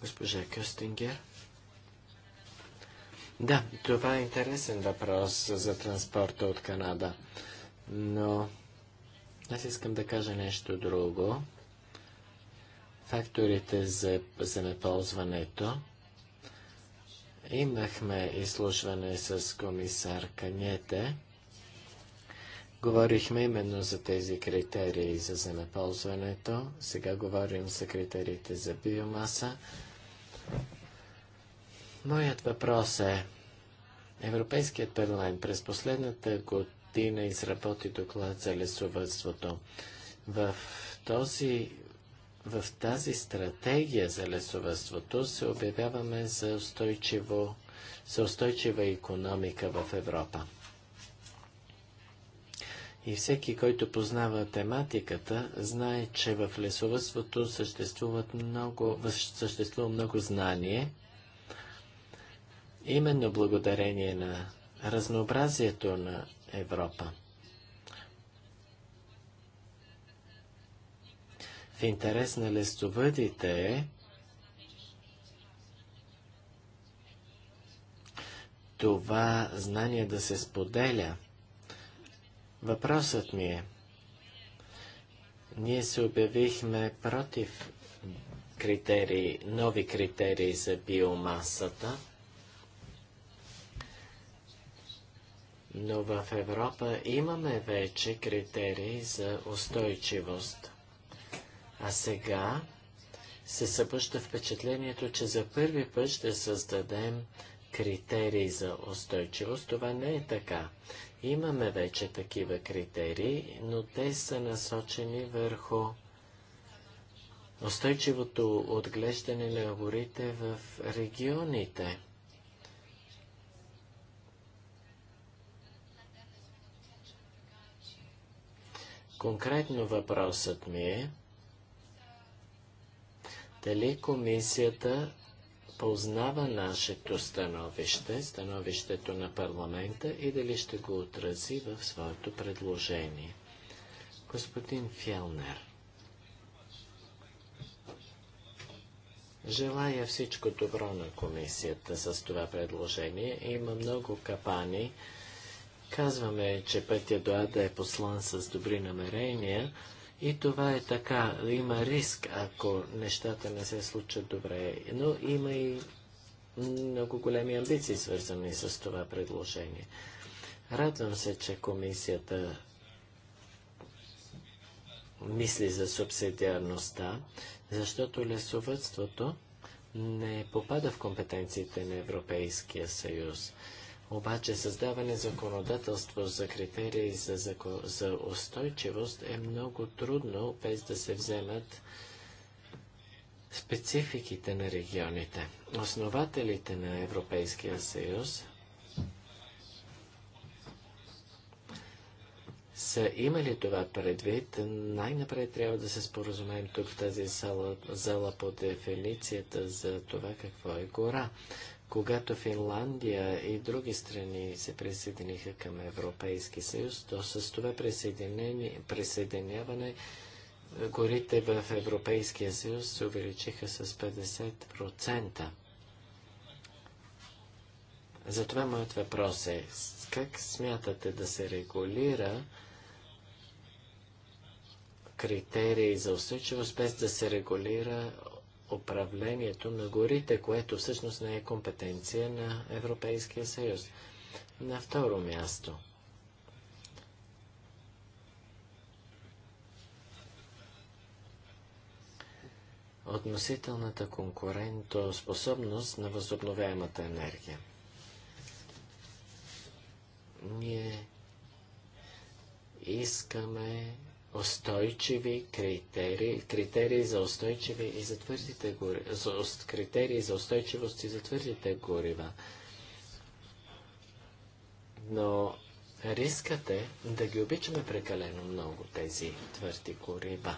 Госпожа Кестингер. Да, това е интересен въпрос за транспорта от Канада. Но аз искам да кажа нещо друго. Факторите за земеползването. Имахме изслушване с комисар Канете. Говорихме именно за тези критерии за земеползването. Сега говорим за критериите за биомаса. Моят въпрос е, Европейският парламент през последната година изработи доклад за лесовътството. В, този, в тази стратегия за лесовътството се обявяваме за, устойчиво, за устойчива економика в Европа. И всеки, който познава тематиката, знае, че в лесовътството съществуват много, съществува много знание, именно благодарение на разнообразието на Европа. В интерес на лестовъдите е това знание да се споделя – Въпросът ми е, ние се обявихме против критерии, нови критерии за биомасата, но в Европа имаме вече критерии за устойчивост. А сега се събужда впечатлението, че за първи път ще създадем критерии за устойчивост. Това не е така. Имаме вече такива критерии, но те са насочени върху устойчивото отглеждане на горите в регионите. Конкретно въпросът ми е дали комисията познава нашето становище, становището на парламента и дали ще го отрази в своето предложение. Господин Фелнер, желая всичко добро на комисията с това предложение. Има много капани. Казваме, че пътя до Ада е послан с добри намерения, и това е така. Има риск, ако нещата не се случат добре. Но има и много големи амбиции, свързани с това предложение. Радвам се, че комисията мисли за субсидиарността, защото лесовътството не попада в компетенциите на Европейския съюз. Обаче създаване законодателство за критерии за, зако... за устойчивост е много трудно, без да се вземат спецификите на регионите. Основателите на Европейския съюз са имали това предвид. Най-напред трябва да се споразумеем тук в тази зала, зала по дефиницията за това какво е гора. Когато Финландия и други страни се присъединиха към Европейски съюз, то с това присъединяване е, горите в Европейския съюз се увеличиха с 50%. Затова моят въпрос е, как смятате да се регулира критерии за устойчивост, без да се регулира управлението на горите, което всъщност не е компетенция на Европейския съюз. На второ място. Относителната конкурентоспособност на възобновяемата енергия. Ние искаме устойчиви критерии, критерии за устойчиви и за твърдите горива, за, критерии за устойчивост и за твърдите горива. Но рискът е да ги обичаме прекалено много тези твърди горива.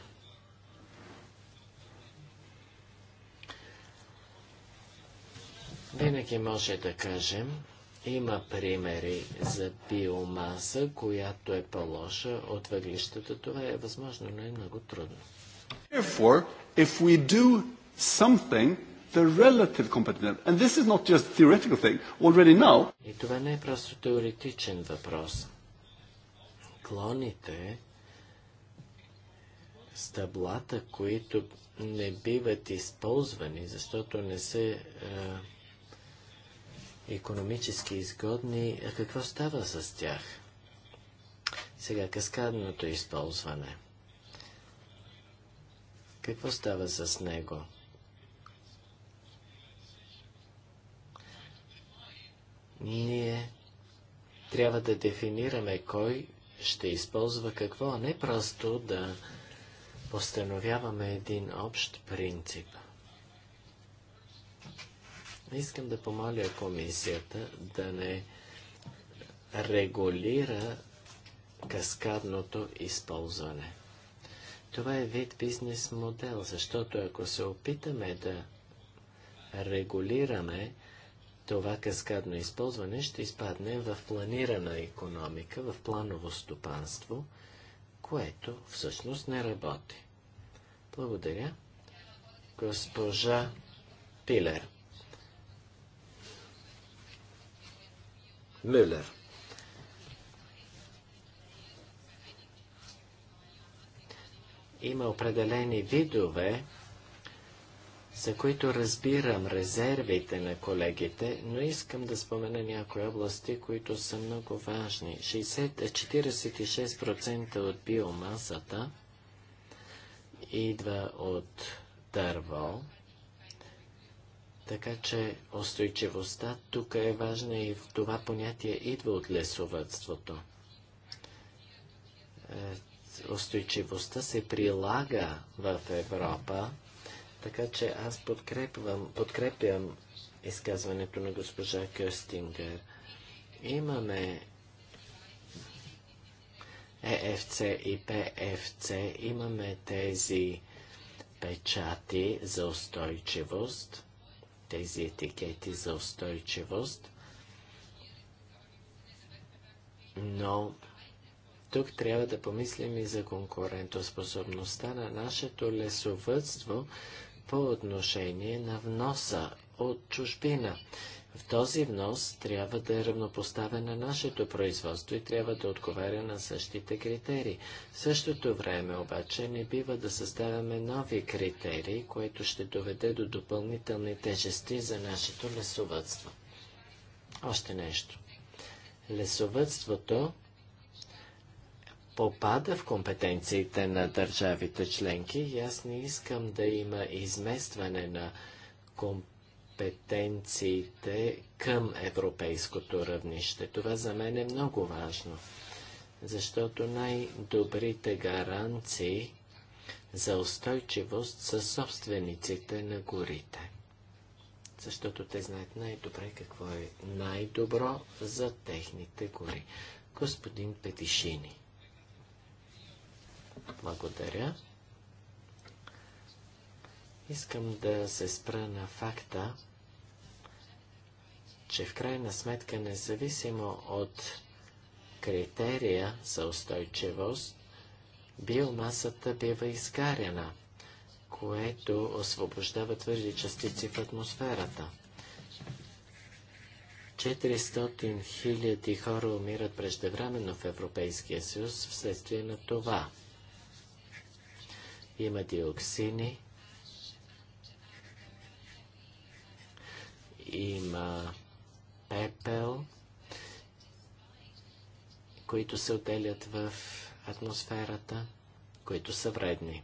Винаги може да кажем, има примери за биомаса, която е по-лоша от въглищата. Това е възможно, но е много трудно. Therefore, if we do something, the relative competitive, and this is not just a theoretical thing, already now... И това не е просто теоретичен въпрос. Клоните, стъблата, които не биват използвани, защото не се... Е, економически изгодни, а какво става с тях? Сега каскадното използване. Какво става с него? Ние трябва да дефинираме кой ще използва какво, а не просто да постановяваме един общ принцип – Искам да помоля комисията да не регулира каскадното използване. Това е вид бизнес модел, защото ако се опитаме да регулираме това каскадно използване, ще изпадне в планирана економика, в планово стопанство, което всъщност не работи. Благодаря. Госпожа Пилер. Müller. Има определени видове, за които разбирам резервите на колегите, но искам да спомена някои области, които са много важни. 46% от биомасата идва от дърво, така че устойчивостта тук е важна и в това понятие идва от лесовътството. Е, устойчивостта се прилага в Европа, така че аз подкрепвам, подкрепям изказването на госпожа Кюстингер. Имаме ЕФЦ и ПФЦ, имаме тези печати за устойчивост – тези етикети за устойчивост, но тук трябва да помислим и за конкурентоспособността на нашето лесовътство по отношение на вноса от чужбина. В този внос трябва да е равнопоставен на нашето производство и трябва да отговаря на същите критерии. В същото време обаче не бива да съставяме нови критерии, което ще доведе до допълнителни тежести за нашето лесовътство. Още нещо. Лесовътството попада в компетенциите на държавите членки и аз не искам да има изместване на компетенциите компетенциите към европейското равнище. Това за мен е много важно, защото най-добрите гаранции за устойчивост са собствениците на горите. Защото те знаят най-добре какво е най-добро за техните гори. Господин Петишини. Благодаря. Искам да се спра на факта, че в крайна сметка, независимо от критерия за устойчивост, биомасата бива изгаряна, което освобождава твърди частици в атмосферата. 400 хиляди хора умират преждевременно в Европейския съюз вследствие на това. Има диоксини, има пепел, които се отделят в атмосферата, които са вредни.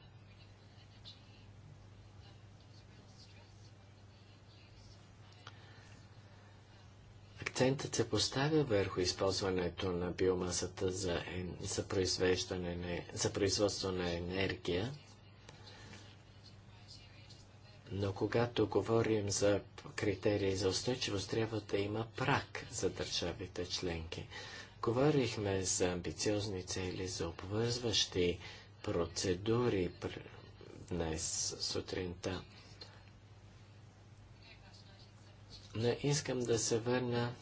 Акцентът се поставя върху използването на биомасата за, за, за производство на енергия, но когато говорим за критерии за устойчивост, трябва да има прак за държавите членки. Говорихме за амбициозни цели, за обвързващи процедури днес сутринта. Но искам да се върна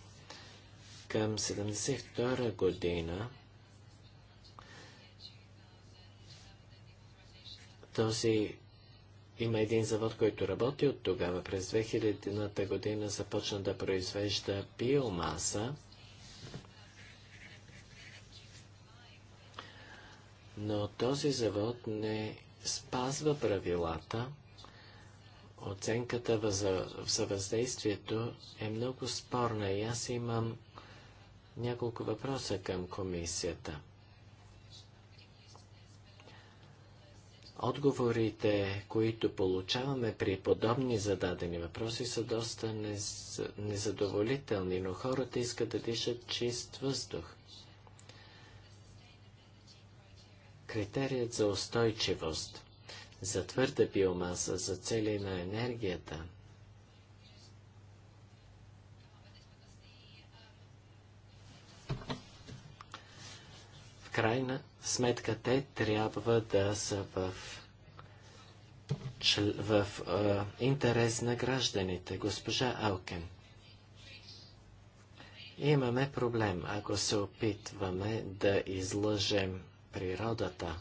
към 72 година. Този има един завод, който работи от тогава. През 2000-та година започна да произвежда биомаса. Но този завод не спазва правилата. Оценката за, за въздействието е много спорна и аз имам няколко въпроса към комисията. Отговорите, които получаваме при подобни зададени въпроси, са доста незадоволителни, но хората искат да дишат чист въздух. Критерият за устойчивост, за твърда биомаса, за цели на енергията – В крайна сметка те трябва да са в, чл... в uh, интерес на гражданите. Госпожа Алкен. Имаме проблем, ако се опитваме да излъжем природата.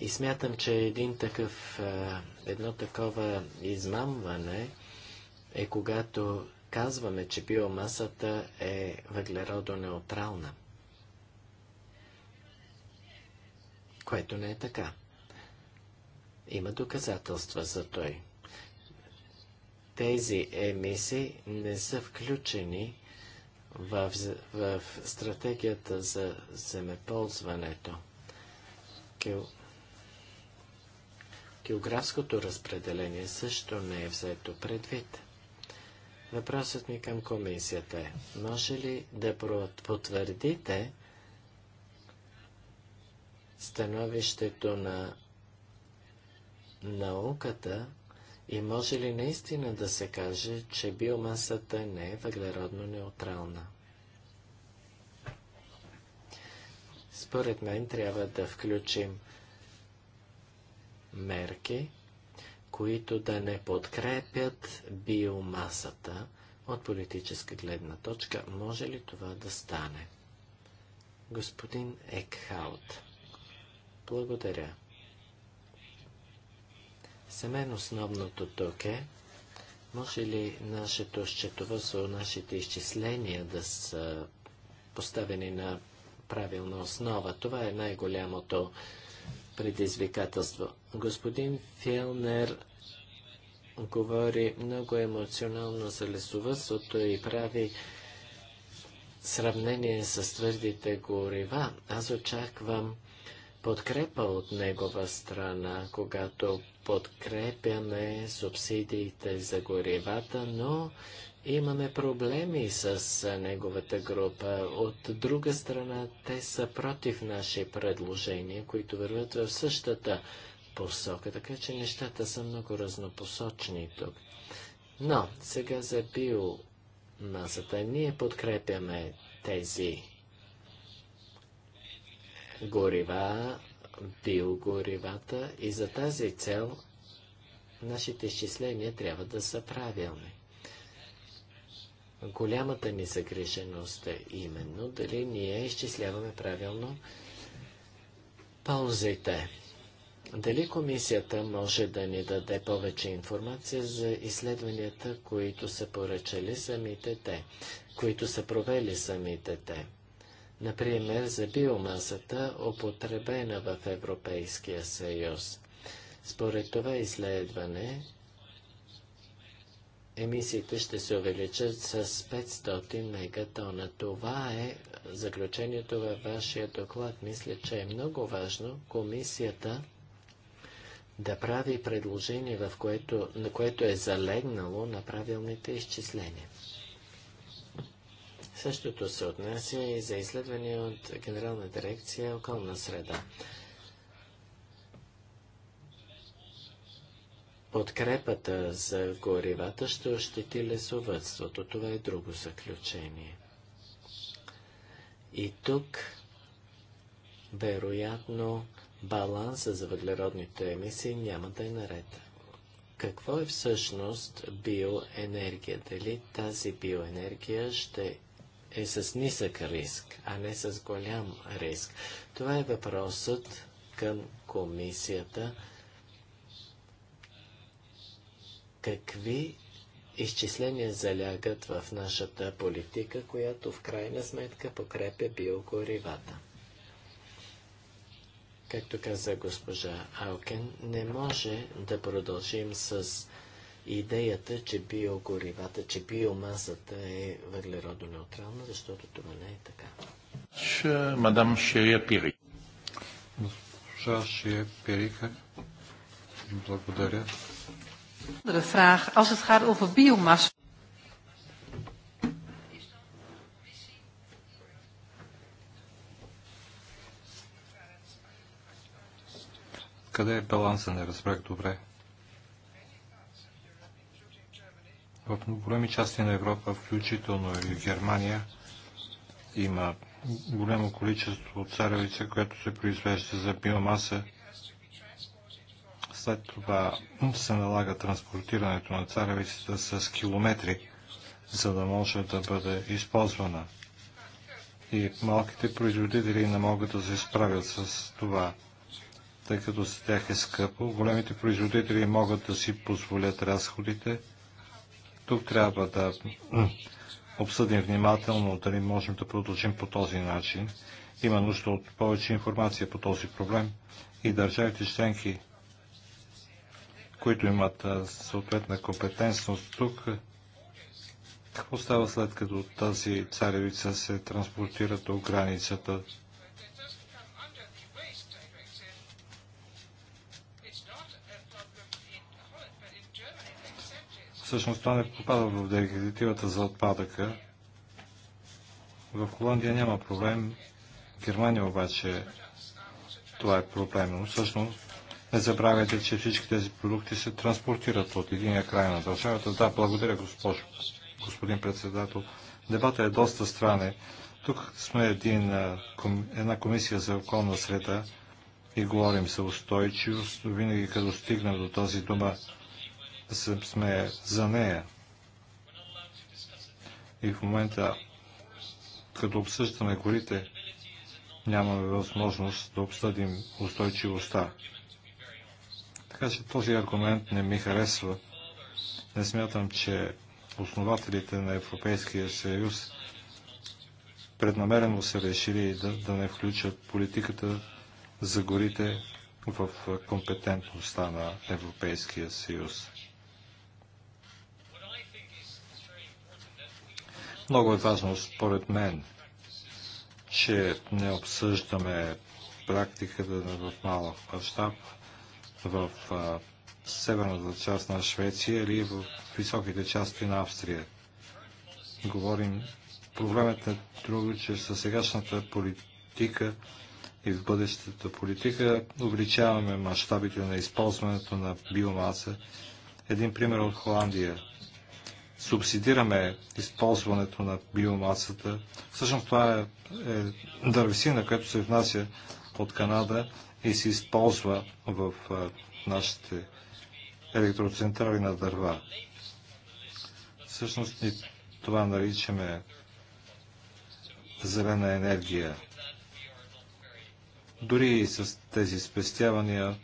и смятам, че един такъв, едно такова измамване е когато казваме, че биомасата е въглеродонеутрална. Което не е така. Има доказателства за той. Тези емисии не са включени в, в стратегията за земеползването. Гео... Географското разпределение също не е взето предвид. Въпросът ми към комисията е, може ли да потвърдите становището на науката и може ли наистина да се каже, че биомасата не е въглеродно неутрална? Според мен трябва да включим мерки, които да не подкрепят биомасата от политическа гледна точка. Може ли това да стане? Господин Екхаут. Благодаря. За мен основното тук е, може ли нашето счетоводство, нашите изчисления да са поставени на правилна основа? Това е най-голямото предизвикателство. Господин Филнер говори много емоционално за лесовътството и прави сравнение с твърдите горива. Аз очаквам подкрепа от негова страна, когато подкрепяме субсидиите за горивата, но имаме проблеми с неговата група. От друга страна, те са против наши предложения, които върват в същата посока, така че нещата са много разнопосочни тук. Но, сега за биомасата ние подкрепяме тези горива, биогоривата и за тази цел нашите изчисления трябва да са правилни. Голямата ни загриженост е именно дали ние изчисляваме правилно ползите. Дали комисията може да ни даде повече информация за изследванията, които са поръчали самите те, които са провели самите те? Например, за биомасата, употребена в Европейския съюз. Според това изследване, емисиите ще се увеличат с 500 мегатона. Това е заключението във вашия доклад. Мисля, че е много важно комисията да прави предложение, в което, на което е залегнало на правилните изчисления. Същото се отнася и за изследвания от Генерална дирекция околна среда. подкрепата за горивата ще ощети лесовътството. Това е друго заключение. И тук, вероятно, баланса за въглеродните емисии няма да е наред. Какво е всъщност биоенергия? Дали тази биоенергия ще е с нисък риск, а не с голям риск? Това е въпросът към комисията какви изчисления залягат в нашата политика, която в крайна сметка покрепя биогоривата. Както каза госпожа Алкен, не може да продължим с идеята, че биогоривата, че биомасата е въглеродонеутрална, неутрална, защото това не е така. мадам Шея Пири. Госпожа Шея Пириха, благодаря. Къде е баланса? Не разбрах добре. В големи части на Европа, включително и в Германия, има голямо количество царевица, което се произвежда за биомаса след това се налага транспортирането на царевицата с километри, за да може да бъде използвана. И малките производители не могат да се справят с това, тъй като с тях е скъпо. Големите производители могат да си позволят разходите. Тук трябва да обсъдим внимателно дали можем да продължим по този начин. Има нужда от повече информация по този проблем и държавите членки които имат съответна компетентност тук. Какво става след като тази царевица се транспортира до границата? Всъщност това не попада в директивата за отпадъка. В Холандия няма проблем. В Германия обаче това е проблемно. Всъщност не забравяйте, че всички тези продукти се транспортират от единия край на държавата. Да, благодаря, госпожо, господин председател. Дебата е доста странен. Тук сме един, една комисия за околна среда и говорим за устойчивост. Винаги, като стигнем до тази дума, сме за нея. И в момента, като обсъждаме горите, нямаме възможност да обсъдим устойчивостта. Така че този аргумент не ми харесва. Не смятам, че основателите на Европейския съюз преднамерено са решили да, да не включат политиката за горите в компетентността на Европейския съюз. Много е важно, според мен, че не обсъждаме практиката в малък мащаб, в северната част на Швеция или в високите части на Австрия. Говорим, проблемът е друго, че със сегашната политика и в бъдещата политика увеличаваме мащабите на използването на биомаса. Един пример от Холандия. Субсидираме използването на биомасата. Всъщност това е, е дървесина, която се внася от Канада и се използва в нашите електроцентрали на дърва. Всъщност ни това наричаме зелена енергия. Дори и с тези спестявания,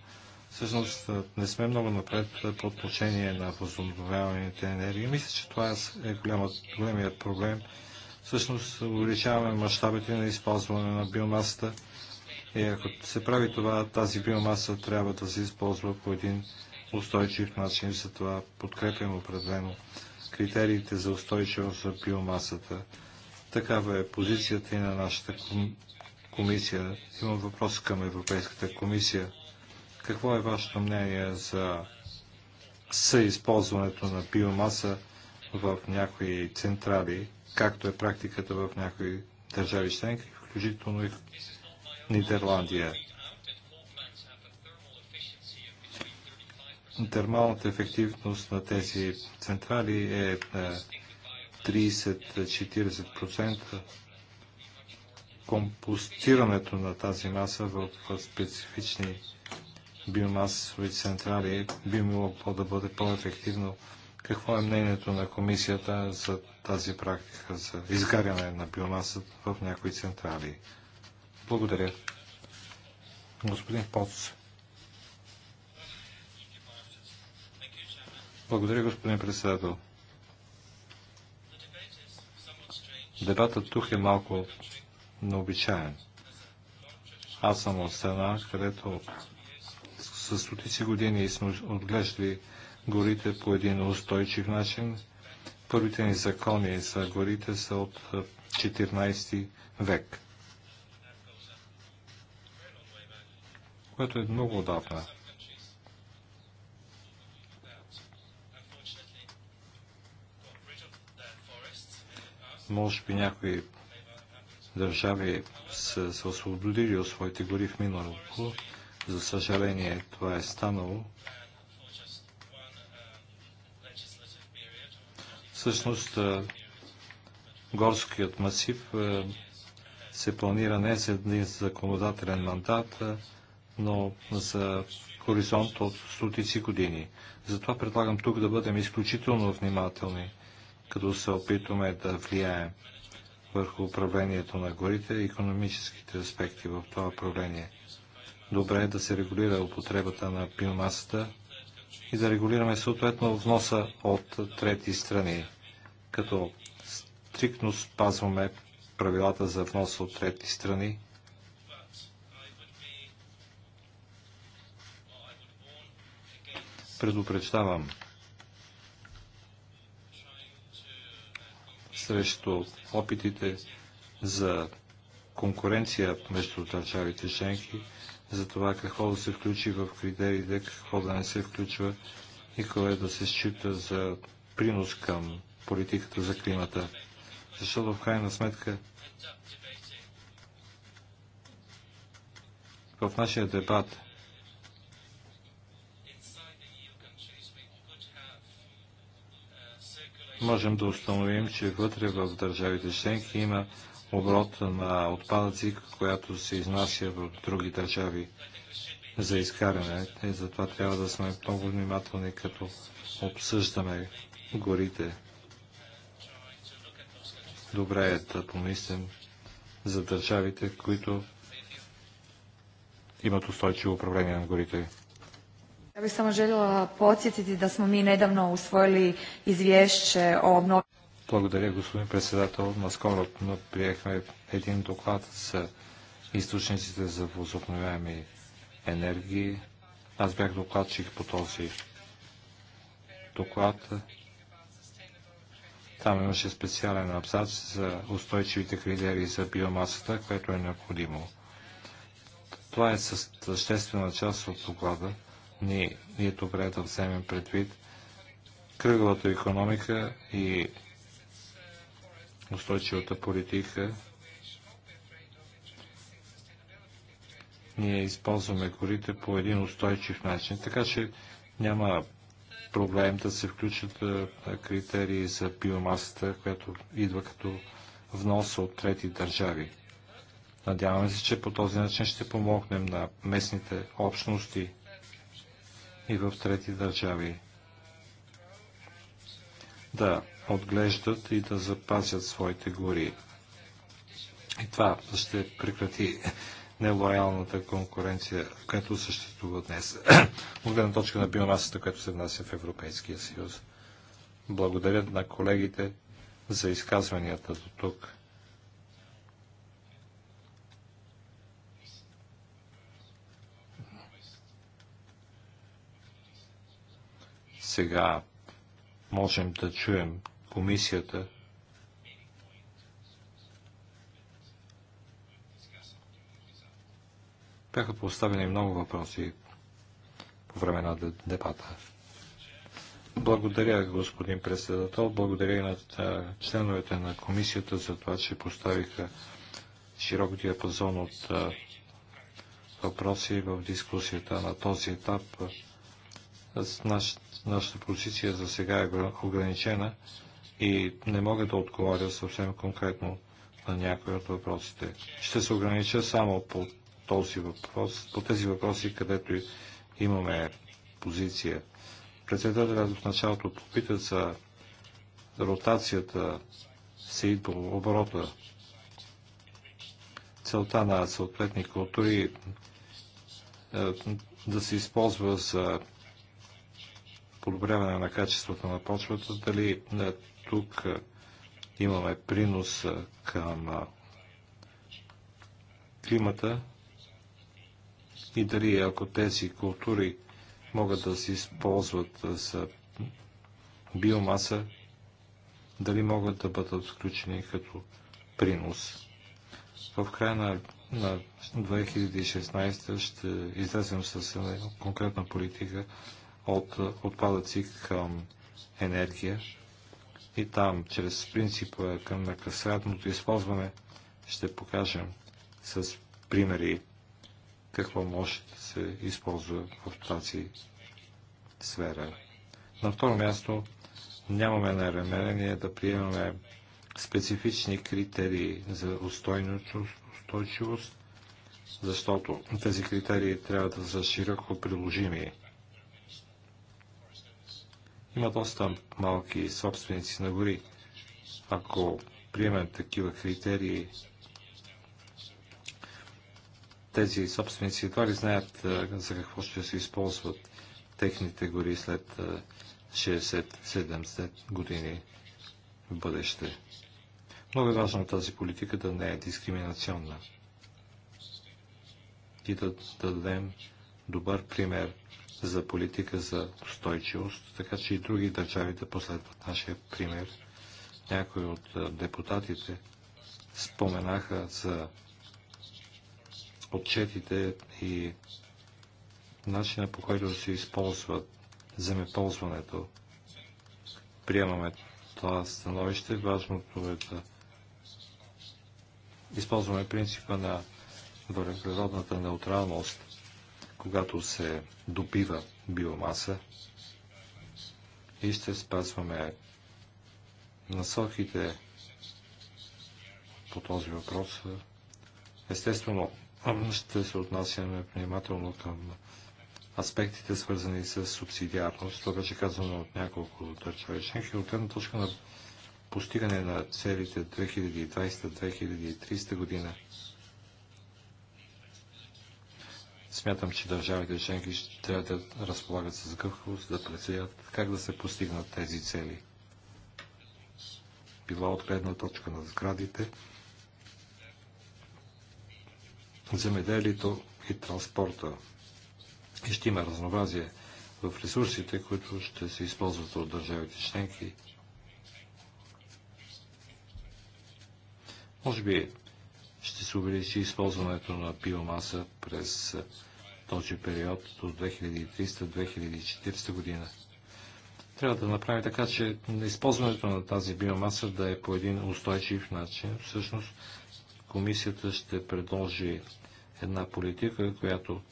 всъщност не сме много напред по отношение на възобновяваните енергии. Мисля, че това е, е големият проблем. Всъщност увеличаваме мащабите на използване на биомасата и е, ако се прави това, тази биомаса трябва да се използва по един устойчив начин. Затова подкрепям определено критериите за устойчивост за биомасата. Такава е позицията и на нашата комисия. Имам въпрос към Европейската комисия. Какво е вашето мнение за съизползването на биомаса в някои централи, както е практиката в някои държави членки, включително и Нидерландия. Термалната ефективност на тези централи е 30-40%. Е, Компостирането на тази маса в специфични биомасови централи би било да бъде по-ефективно. Какво е мнението на комисията за тази практика за изгаряне на биомаса в някои централи? Благодаря. Господин Поц. Благодаря, господин председател. Дебатът тук е малко необичаен. Аз съм от страна, където с стотици години сме отглеждали горите по един устойчив начин. Първите ни закони за горите са от 14 век. което е много отдавна. Може би някои държави са се освободили от своите гори в миналото. За съжаление, това е станало. Всъщност, горският масив се планира не за един законодателен мандат, но за хоризонт от стотици години. Затова предлагам тук да бъдем изключително внимателни, като се опитваме да влияем върху управлението на горите и економическите аспекти в това управление. Добре е да се регулира употребата на биомасата и да регулираме съответно вноса от трети страни, като стриктно спазваме правилата за внос от трети страни предупреждавам срещу опитите за конкуренция между държавите женки, за това какво да се включи в критериите, какво да не се включва и кое да се счита за принос към политиката за климата. Защото в крайна сметка в нашия дебат можем да установим, че вътре в държавите членки има оборот на отпадъци, която се изнася в други държави за изкаране. И е, затова трябва да сме много внимателни, като обсъждаме горите. Добре е да помислим за държавите, които имат устойчиво управление на горите. Ja bih samo željela podsjetiti da smo mi nedavno usvojili izvješće o obnovi... Благодаря, господин председател. Наскоро приехме един доклад за източниците за възобновяеми енергии. Аз бях докладчик по този доклад. Там имаше специален абзац за устойчивите критерии за биомасата, което е необходимо. Това е съществена част от доклада ни е добре да вземем предвид кръговата економика и устойчивата политика. Ние използваме горите по един устойчив начин, така че няма проблем да се включат критерии за биомасата, която идва като внос от трети държави. Надяваме се, че по този начин ще помогнем на местните общности и в трети държави. Да отглеждат и да запазят своите гори. И това ще прекрати нелоялната конкуренция, която съществува днес. От гледна точка на биомасата, която се внася в Европейския съюз. Благодаря на колегите за изказванията до тук. Сега можем да чуем комисията. Бяха поставени много въпроси по време на дебата. Благодаря, господин председател. Благодаря и на членовете на комисията за това, че поставиха широк диапазон от въпроси в дискусията на този етап. С наш Нашата позиция за сега е ограничена и не мога да отговоря съвсем конкретно на някои от въпросите. Ще се огранича само по, този въпрос, по тези въпроси, където имаме позиция. Председателят в началото попита за ротацията се идва оборота. Целта на съответни култури е, да се използва за подобряване на качеството на почвата, дали е, тук е, имаме принос е, към климата и дали ако тези култури могат да се използват за биомаса, дали могат да бъдат включени като принос. В края на, на 2016 ще излезем с конкретна политика от е, отпадъци към енергия и там, чрез принципа към накъсратното използване, ще покажем с примери какво може да се използва в тази сфера. На второ място, нямаме намерение да приемаме специфични критерии за устойчивост, защото тези критерии трябва да са широко приложими има доста малки собственици на гори. Ако приемем такива критерии, тези собственици едва ли знаят за какво ще се използват техните гори след 60-70 години в бъдеще. Много е важно тази политика да не е дискриминационна и да, да дадем добър пример за политика за устойчивост, така че и други държави да последват нашия пример. Някои от депутатите споменаха за отчетите и начина по който се използват земеползването. Приемаме това становище. Важното е да използваме принципа на въглеродната неутралност когато се добива биомаса и ще спазваме насоките по този въпрос. Естествено, ще се отнасяме внимателно към аспектите, свързани с субсидиарност. Това беше казано от няколко държави членки. От една точка на постигане на целите 2020-2030 година Смятам, че държавите членки ще трябва да разполагат с гъвкавост, да преценят как да се постигнат тези цели. Била от гледна точка на сградите, земеделието и транспорта. И ще има разнообразие в ресурсите, които ще се използват от държавите членки. Може би ще се увеличи използването на биомаса през този период до 2300-2040 година. Трябва да направим така, че използването на тази биомаса да е по един устойчив начин. Всъщност, комисията ще предложи една политика, която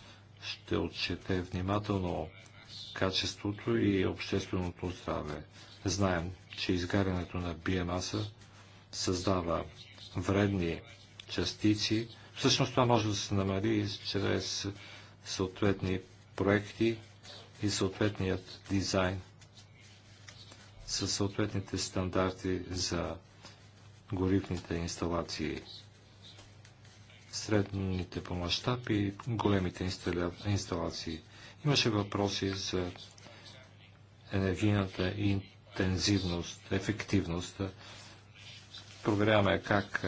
ще отчете внимателно качеството и общественото здраве. Знаем, че изгарянето на биомаса създава вредни частици. Всъщност това може да се намали чрез съответни проекти и съответният дизайн със съответните стандарти за горивните инсталации, средните по мащаб и големите инсталации. Имаше въпроси за енергийната интензивност, ефективност. Проверяваме как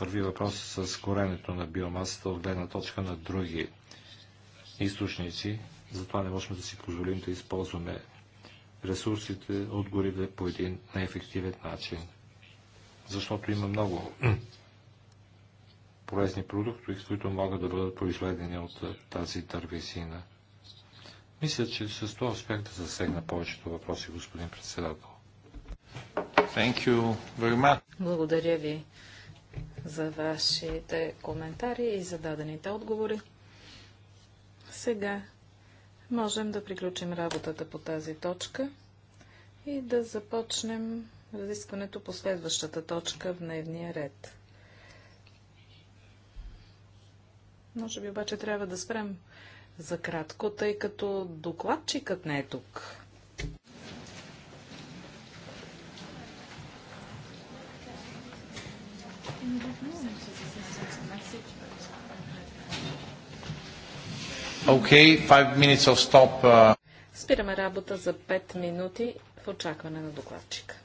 върви въпроса с коренето на биомасата от гледна точка на други източници. Затова не можем да си позволим да използваме ресурсите от горите по един неефективен начин. Защото има много полезни продукти, които могат да бъдат произведени от тази дървесина. Мисля, че с това успях да засегна повечето въпроси, господин председател. Благодаря ви за вашите коментари и за дадените отговори. Сега можем да приключим работата по тази точка и да започнем разискването по следващата точка в дневния ред. Може би обаче трябва да спрем за кратко, тъй като докладчикът не е тук. Okay, five minutes of stop. Uh, Спираме работа за 5 минути в очакване на докладчика.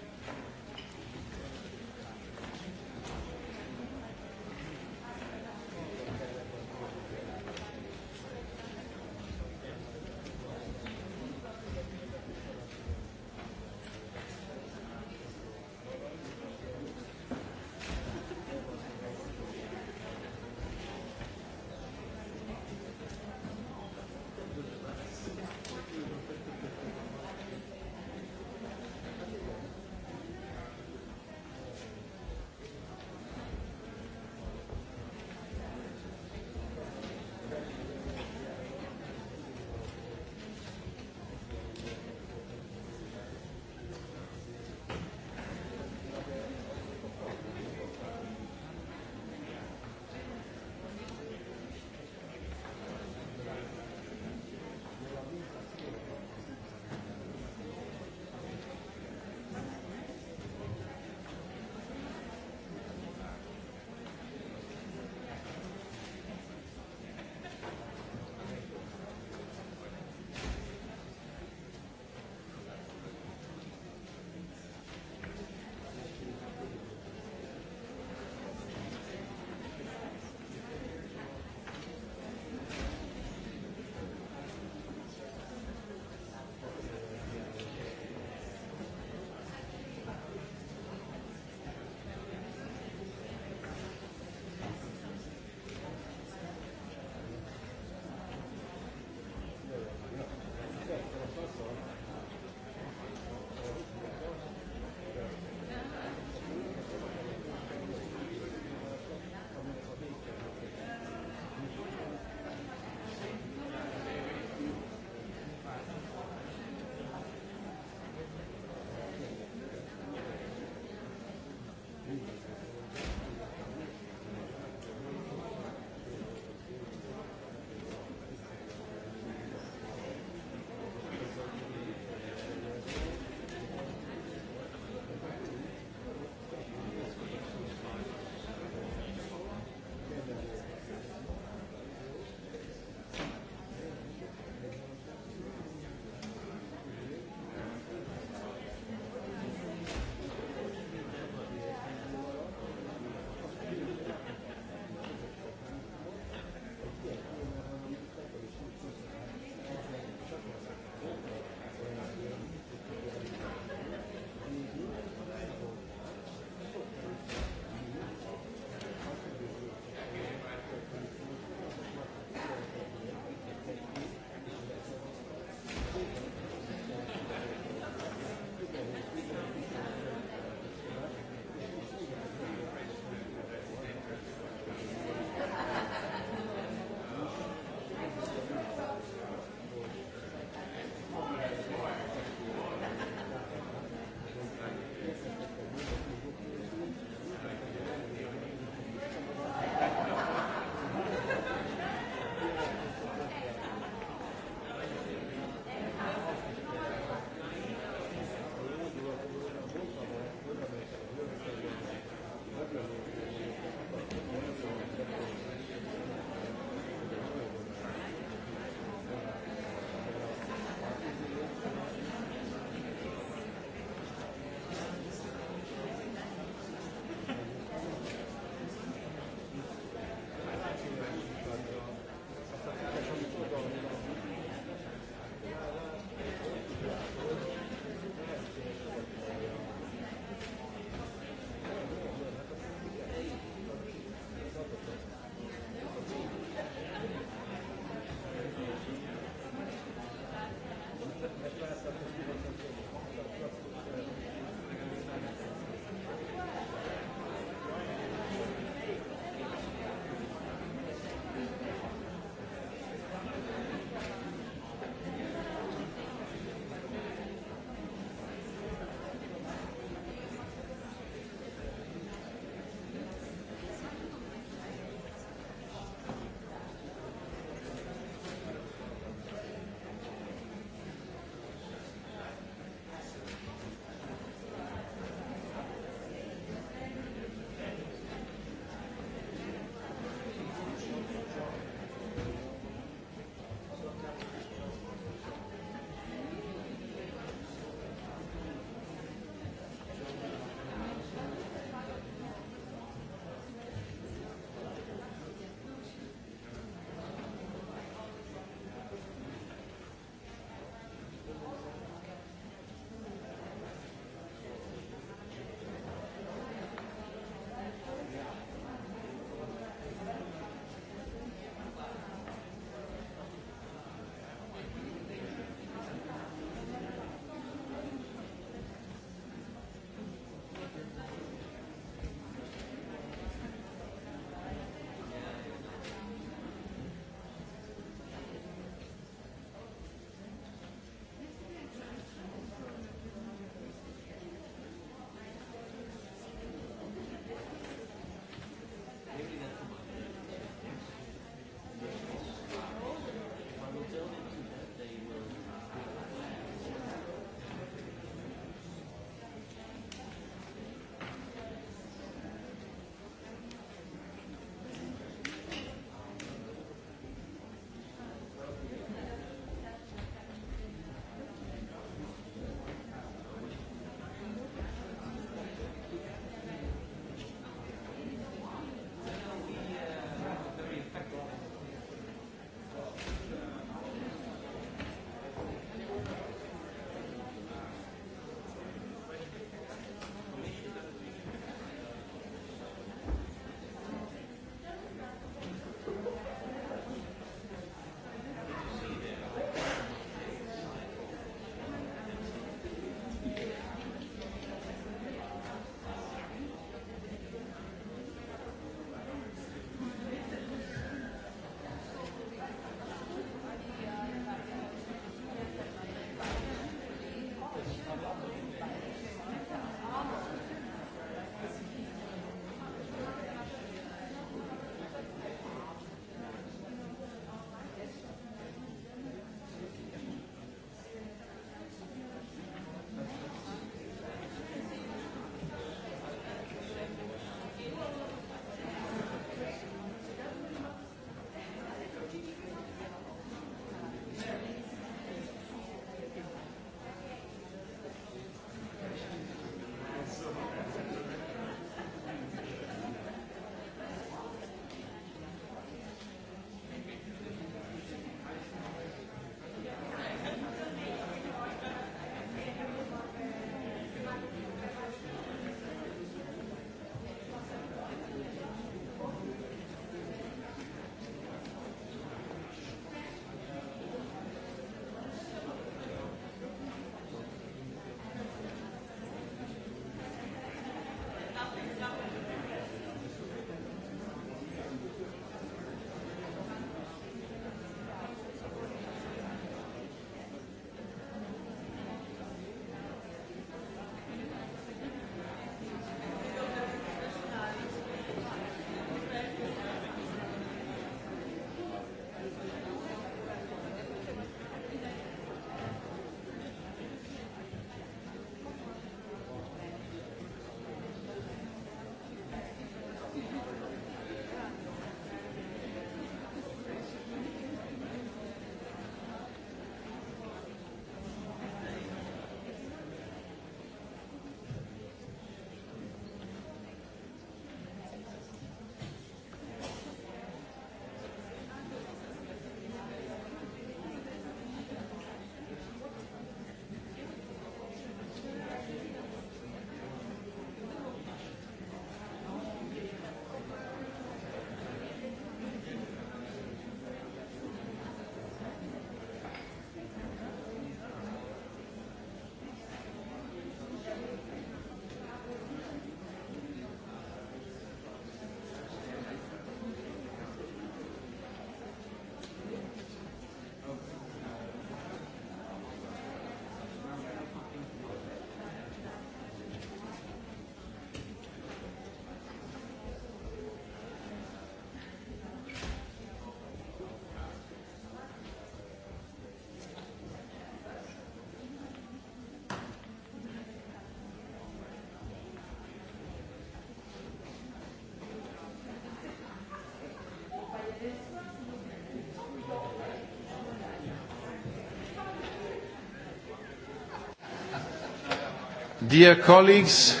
Uh,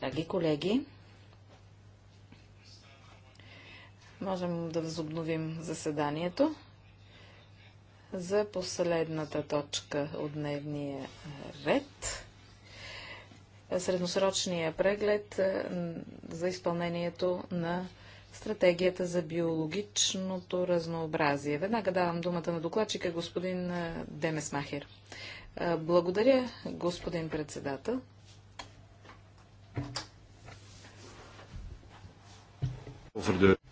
Драги колеги, можем да възобновим заседанието за последната точка от дневния ред. Средносрочния преглед е, за изпълнението на стратегията за биологичното разнообразие. Веднага давам думата на докладчика господин е, Демесмахер. Благодаря, господин председател.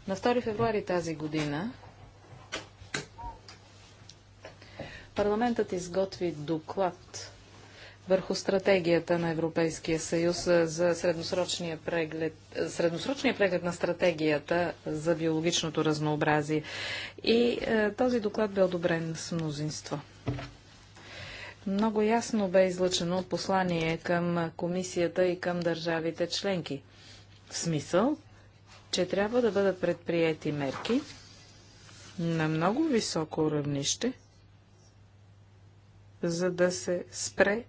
На 2 февруари тази година парламентът изготви доклад върху стратегията на Европейския съюз за средносрочния преглед, средносрочния преглед на стратегията за биологичното разнообразие. И е, този доклад бе одобрен с мнозинство. Много ясно бе излъчено послание към комисията и към държавите членки. В смисъл, че трябва да бъдат предприяти мерки на много високо равнище, за да се спре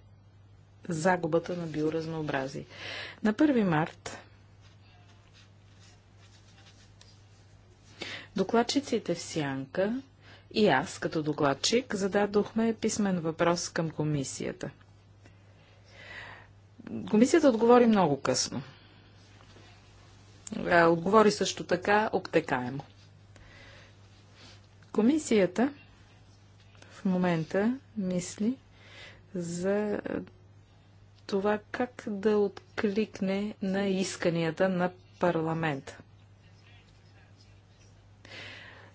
загубата на биоразнообразие. На 1 март докладчиците в Сянка и аз, като докладчик, зададохме писмен въпрос към комисията. Комисията отговори много късно. Отговори също така обтекаемо. Комисията в момента мисли за това как да откликне на исканията на парламента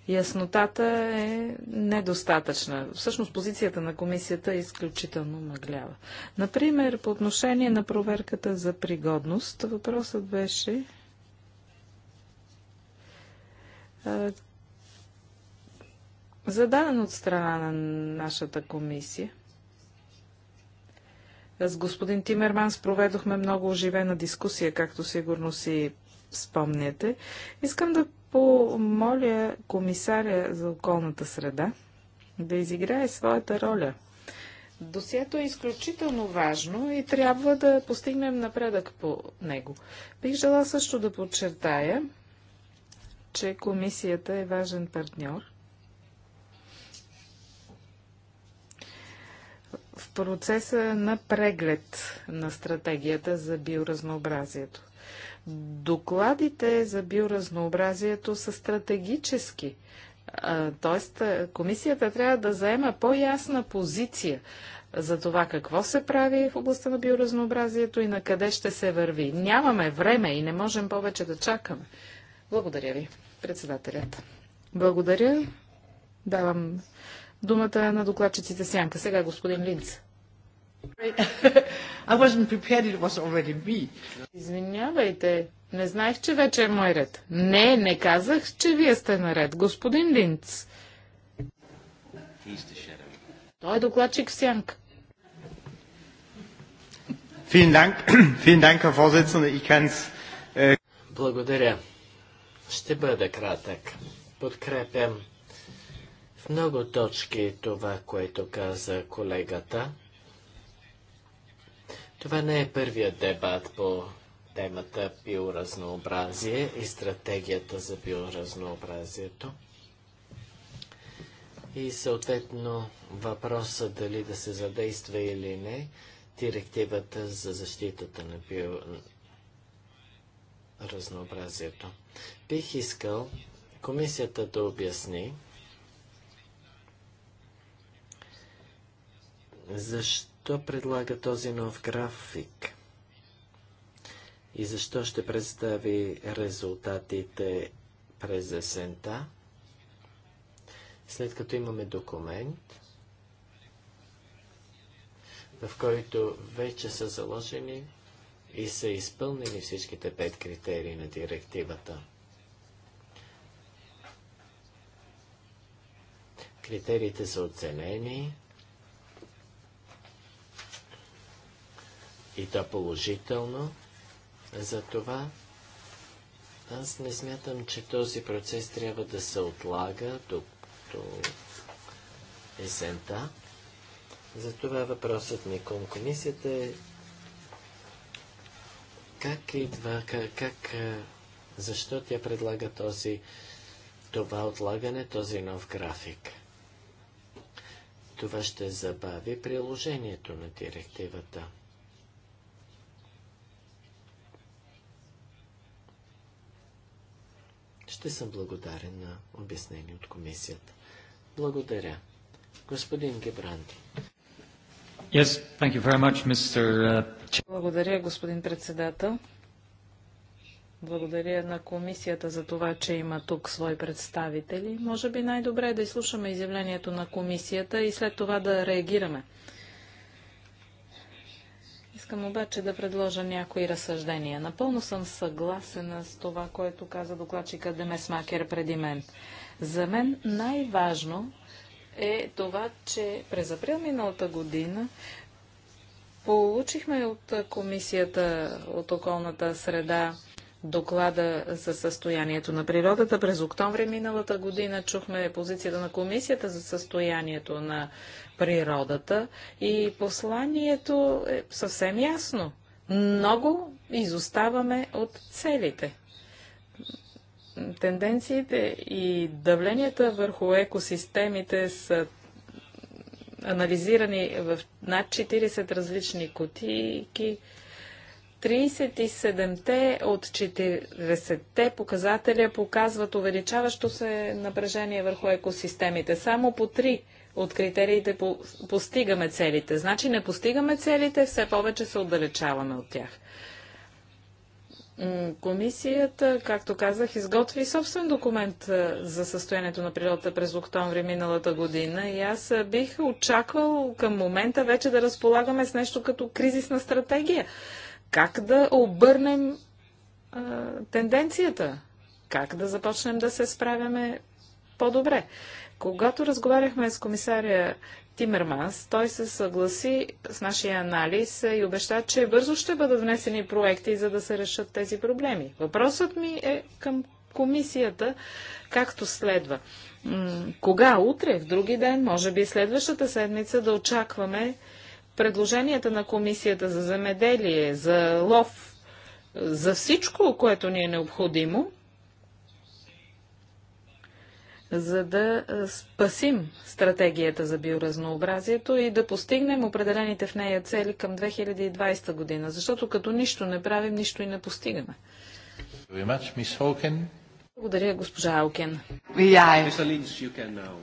яснотата е недостатъчна. Всъщност позицията на комисията е изключително мъглява. Например, по отношение на проверката за пригодност, въпросът беше зададен от страна на нашата комисия. С господин Тимерманс проведохме много оживена дискусия, както сигурно си спомняте. Искам да помоля комисаря за околната среда да изиграе своята роля. Досието е изключително важно и трябва да постигнем напредък по него. Бих жела също да подчертая, че комисията е важен партньор в процеса на преглед на стратегията за биоразнообразието. Докладите за биоразнообразието са стратегически. Тоест, комисията трябва да заема по-ясна позиция за това какво се прави в областта на биоразнообразието и на къде ще се върви. Нямаме време и не можем повече да чакаме. Благодаря ви, председателят. Благодаря. Давам думата на докладчиците Сянка. Сега господин Линц. Извинявайте, не знаех, че вече е мой ред. Не, не казах, че вие сте наред, господин Линц. Той е докладчик в сянка. Äh, Благодаря. Ще бъда кратък. Подкрепям в много точки това, което каза колегата. Това не е първият дебат по темата биоразнообразие и стратегията за биоразнообразието. И съответно въпроса дали да се задейства или не директивата за защитата на биоразнообразието. Бих искал комисията да обясни защо защо предлага този нов график? И защо ще представи резултатите през есента? След като имаме документ, в който вече са заложени и са изпълнени всичките пет критерии на директивата. Критериите са оценени, и то положително. Затова аз не смятам, че този процес трябва да се отлага до, до есента. Затова въпросът ми към комисията е как идва, как, как, защо тя предлага този, това отлагане, този нов график? Това ще забави приложението на директивата. Ще съм благодарен на обяснение от комисията. Благодаря. Господин Гебранди. Yes, thank you very much, Mr. Uh, Благодаря, господин председател. Благодаря на комисията за това, че има тук свои представители. Може би най-добре е да изслушаме изявлението на комисията и след това да реагираме. Искам обаче да предложа някои разсъждения. Напълно съм съгласена с това, което каза докладчика Демес Макер преди мен. За мен най-важно е това, че през април миналата година получихме от Комисията от околната среда доклада за състоянието на природата. През октомври миналата година чухме позицията на комисията за състоянието на природата и посланието е съвсем ясно. Много изоставаме от целите. Тенденциите и давленията върху екосистемите са анализирани в над 40 различни кутийки. 37-те от 40-те показателя показват увеличаващо се напрежение върху екосистемите. Само по три от критериите по постигаме целите. Значи не постигаме целите, все повече се отдалечаваме от тях. Комисията, както казах, изготви собствен документ за състоянието на природата през октомври миналата година и аз бих очаквал към момента вече да разполагаме с нещо като кризисна стратегия. Как да обърнем а, тенденцията? Как да започнем да се справяме по-добре? Когато разговаряхме с комисаря Тимерманс, той се съгласи с нашия анализ и обеща, че бързо ще бъдат внесени проекти, за да се решат тези проблеми. Въпросът ми е към комисията, както следва. Кога? Утре? В други ден? Може би следващата седмица да очакваме предложенията на комисията за земеделие, за лов, за всичко, което ни е необходимо, за да спасим стратегията за биоразнообразието и да постигнем определените в нея цели към 2020 година, защото като нищо не правим, нищо и не постигаме. Благодаря, госпожа Алкен. Uh,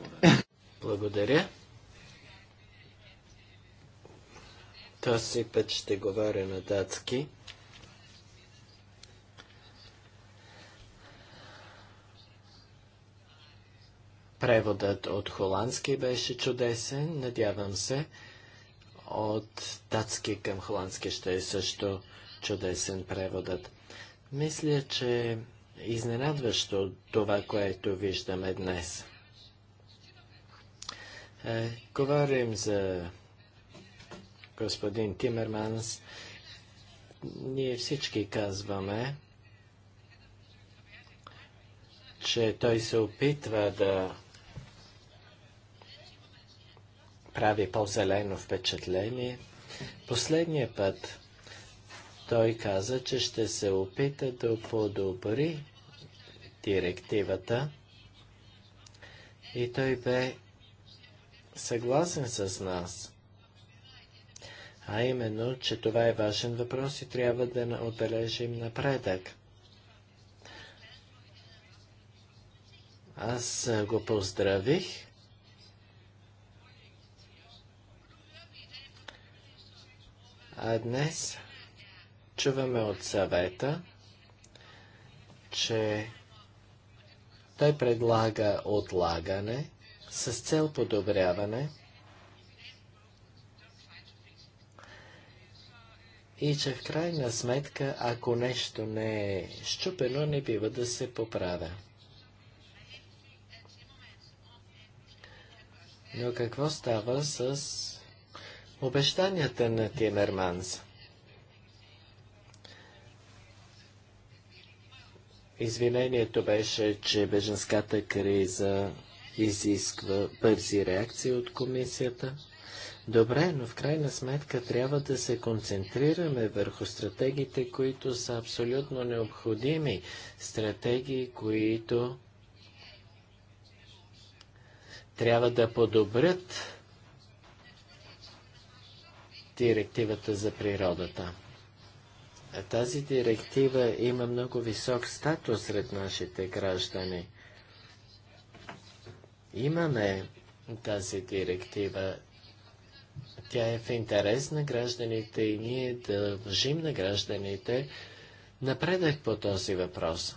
Благодаря. Тоси път ще говоря на датски. Преводът от холандски беше чудесен. Надявам се, от датски към холандски ще е също чудесен преводът. Мисля, че е изненадващо това, което виждаме днес. Е, говорим за господин Тимерманс. Ние всички казваме, че той се опитва да прави по-зелено впечатление. Последния път той каза, че ще се опита да подобри директивата и той бе съгласен с нас. А именно, че това е важен въпрос и трябва да отбележим напредък. Аз го поздравих А днес чуваме от съвета, че той предлага отлагане с цел подобряване и че в крайна сметка, ако нещо не е щупено, не бива да се поправя. Но какво става с обещанията на Тимерманс. Извинението беше, че беженската криза изисква бързи реакции от комисията. Добре, но в крайна сметка трябва да се концентрираме върху стратегиите, които са абсолютно необходими. Стратегии, които трябва да подобрят директивата за природата. Тази директива има много висок статус сред нашите граждани. Имаме тази директива. Тя е в интерес на гражданите и ние дължим на гражданите напредък по този въпрос.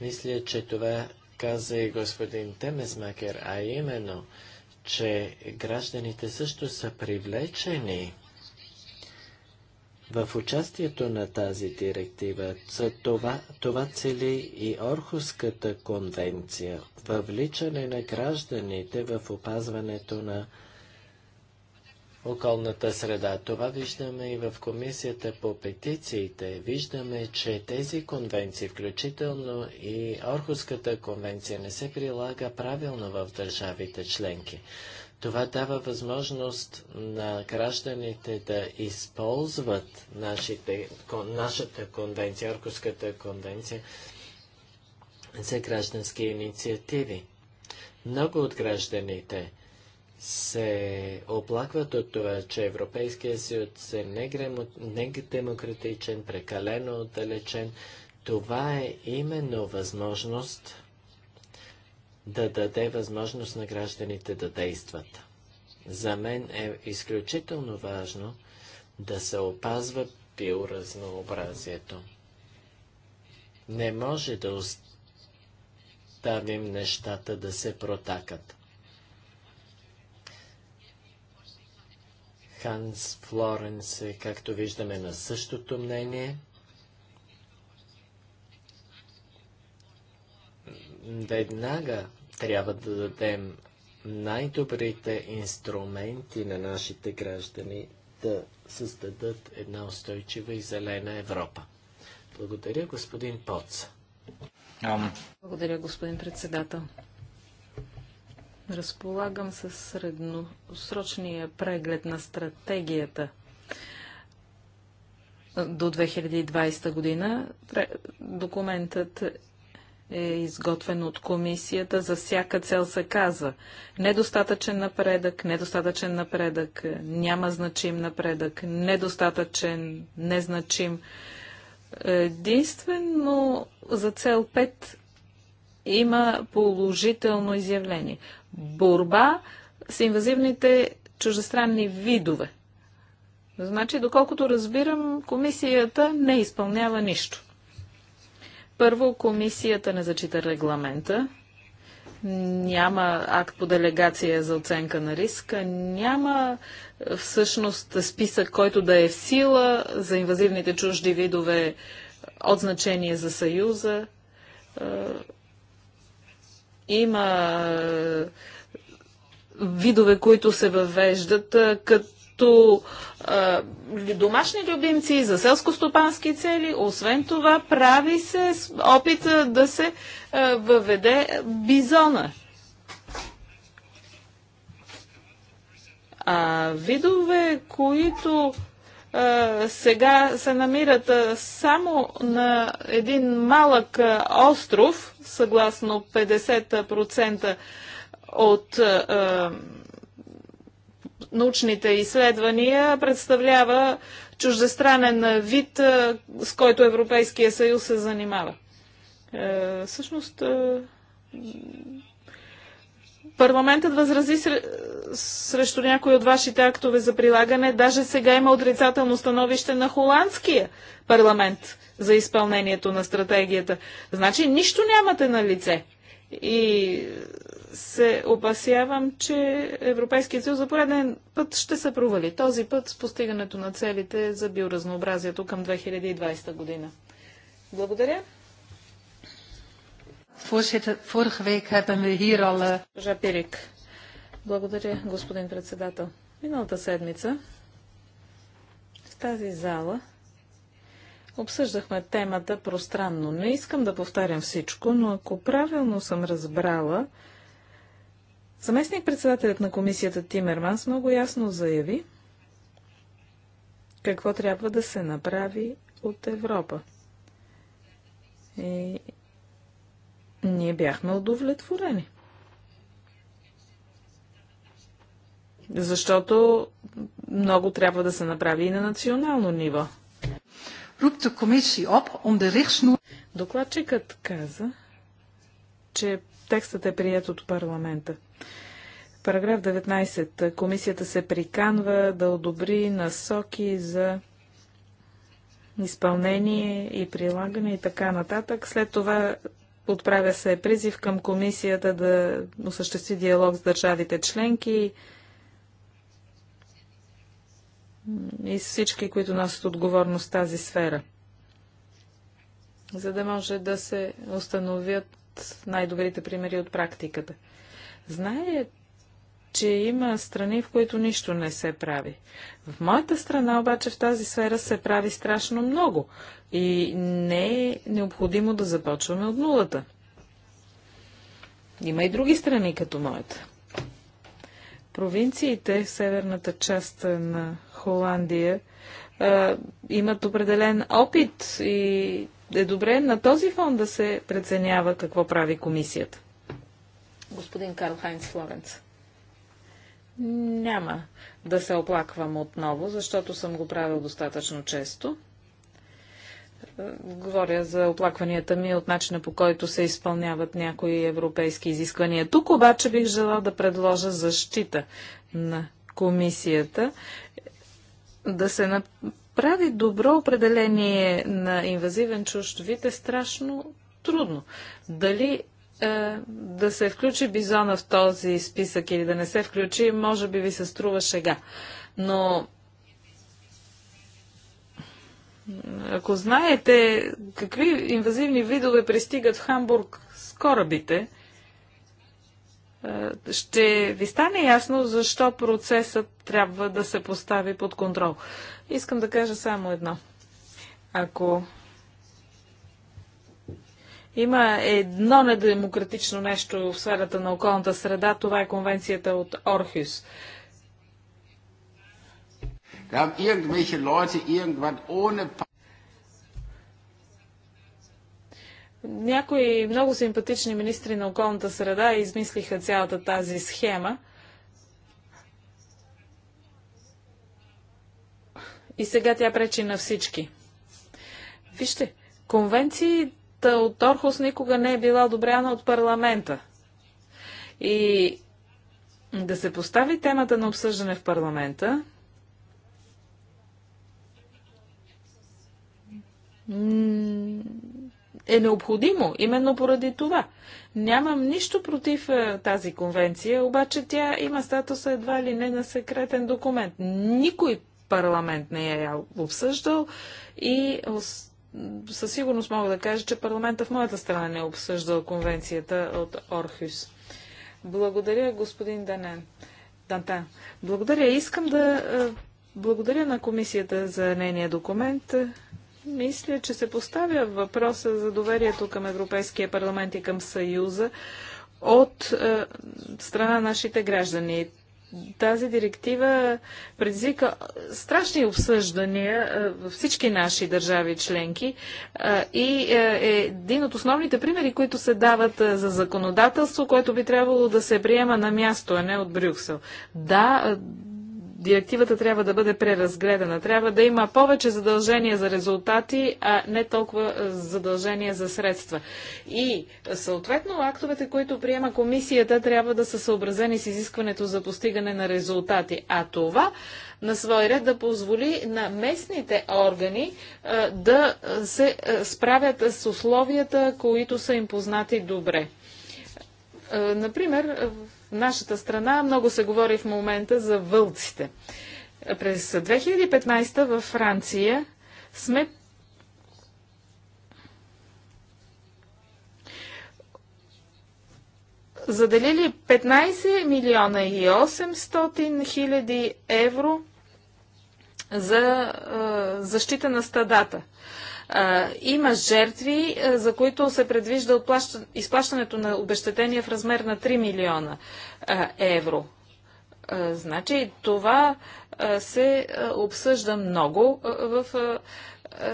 Мисля, че това каза и господин Темесмакер, а именно – че гражданите също са привлечени в участието на тази директива. За това, това цели и Орхуската конвенция – въвличане на гражданите в опазването на околната среда. Това виждаме и в комисията по петициите. Виждаме, че тези конвенции, включително и Орхуската конвенция, не се прилага правилно в държавите членки. Това дава възможност на гражданите да използват нашите, нашата конвенция, Орхуската конвенция, за граждански инициативи. Много от гражданите – се оплакват от това, че Европейския съюз е недемократичен, прекалено отдалечен. Това е именно възможност да даде възможност на гражданите да действат. За мен е изключително важно да се опазва биоразнообразието. Не може да оставим нещата да се протакат. Ханс Флоренс е, както виждаме, на същото мнение. Веднага трябва да дадем най-добрите инструменти на нашите граждани да създадат една устойчива и зелена Европа. Благодаря, господин Поц. Благодаря, господин председател. Разполагам с средносрочния преглед на стратегията до 2020 година. Документът е изготвен от комисията. За всяка цел се казва недостатъчен напредък, недостатъчен напредък, няма значим напредък, недостатъчен, незначим. Единствено за цел 5 има положително изявление борба с инвазивните чужестранни видове. Значи, доколкото разбирам, комисията не изпълнява нищо. Първо, комисията не зачита регламента, няма акт по делегация за оценка на риска, няма е, всъщност списък, който да е в сила за инвазивните чужди видове от значение за Съюза. Е, има е, видове, които се въвеждат е, като е, домашни любимци за селско-стопански цели. Освен това, прави се опит да се въведе бизона. А видове, които сега се намират само на един малък остров, съгласно 50% от научните изследвания, представлява чуждестранен вид, с който Европейския съюз се занимава. Всъщност, Парламентът възрази срещу някои от вашите актове за прилагане. Даже сега има отрицателно становище на холандския парламент за изпълнението на стратегията. Значи нищо нямате на лице. И се опасявам, че Европейският съюз за пореден път ще се провали. Този път с постигането на целите за биоразнообразието към 2020 година. Благодаря. Voorzitter, vorige week hebben we hier al... Eh, благодаря, господин председател. Миналата седмица в тази зала обсъждахме темата пространно. Не искам да повтарям всичко, но ако правилно съм разбрала, заместник-председателят на комисията Тимерманс много ясно заяви какво трябва да се направи от Европа. И ние бяхме удовлетворени. Защото много трябва да се направи и на национално ниво. Докладчикът каза, че текстът е прият от парламента. Параграф 19. Комисията се приканва да одобри насоки за изпълнение и прилагане и така нататък. След това Отправя се призив към комисията да осъществи диалог с държавите членки и с всички, които носят отговорност в тази сфера, за да може да се установят най-добрите примери от практиката. Знае, че има страни, в които нищо не се прави. В моята страна обаче в тази сфера се прави страшно много и не е необходимо да започваме от нулата. Има и други страни като моята. Провинциите в северната част на Холандия а, имат определен опит и е добре на този фон да се преценява какво прави комисията. Господин Карл Хайнц Флоренц. Няма да се оплаквам отново, защото съм го правил достатъчно често. Говоря за оплакванията ми от начина по който се изпълняват някои европейски изисквания. Тук обаче бих желал да предложа защита на комисията да се направи добро определение на инвазивен чужд вид е страшно трудно. Дали е, да се включи Бизона в този списък или да не се включи, може би ви се струва шега. Но ако знаете какви инвазивни видове пристигат в Хамбург с корабите, е, ще ви стане ясно защо процесът трябва да се постави под контрол. Искам да кажа само едно. Ако има едно недемократично нещо в сферата на околната среда, това е конвенцията от Орхюс. Някои много симпатични министри на околната среда измислиха цялата тази схема. И сега тя пречи на всички. Вижте, конвенции от Орхус никога не е била одобряна от парламента. И да се постави темата на обсъждане в парламента е необходимо, именно поради това. Нямам нищо против е, тази конвенция, обаче тя има статуса едва ли не на секретен документ. Никой парламент не е обсъждал и със сигурност мога да кажа, че парламента в моята страна не е обсъждал конвенцията от Орхюс. Благодаря, господин Данен. Дантен. Благодаря. Искам да е, благодаря на комисията за нейния документ. Мисля, че се поставя въпроса за доверието към Европейския парламент и към Съюза от е, страна нашите граждани тази директива предизвика страшни обсъждания във всички наши държави членки и е, е един от основните примери, които се дават за законодателство, което би трябвало да се приема на място, а не от Брюксел. Да, директивата трябва да бъде преразгледана. Трябва да има повече задължения за резултати, а не толкова е, задължения за средства. И е, съответно актовете, които приема комисията, трябва да са съобразени с изискването за постигане на резултати. А това на свой ред да позволи на местните органи е, да се справят с условията, които са им познати добре. Например, нашата страна много се говори в момента за вълците. През 2015 във Франция сме заделили 15 милиона и 800 хиляди евро за защита на стадата има жертви, за които се предвижда изплащането на обещетения в размер на 3 милиона евро. Значи това се обсъжда много в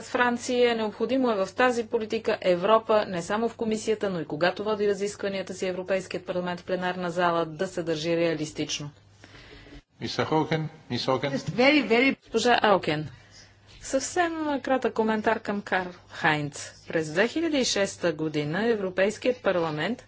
Франция. Необходимо е в тази политика Европа, не само в комисията, но и когато води разискванията си Европейският парламент в пленарна зала, да се държи реалистично. Госпожа Алкен. Съвсем кратък коментар към Карл Хайнц. През 2006 година Европейският парламент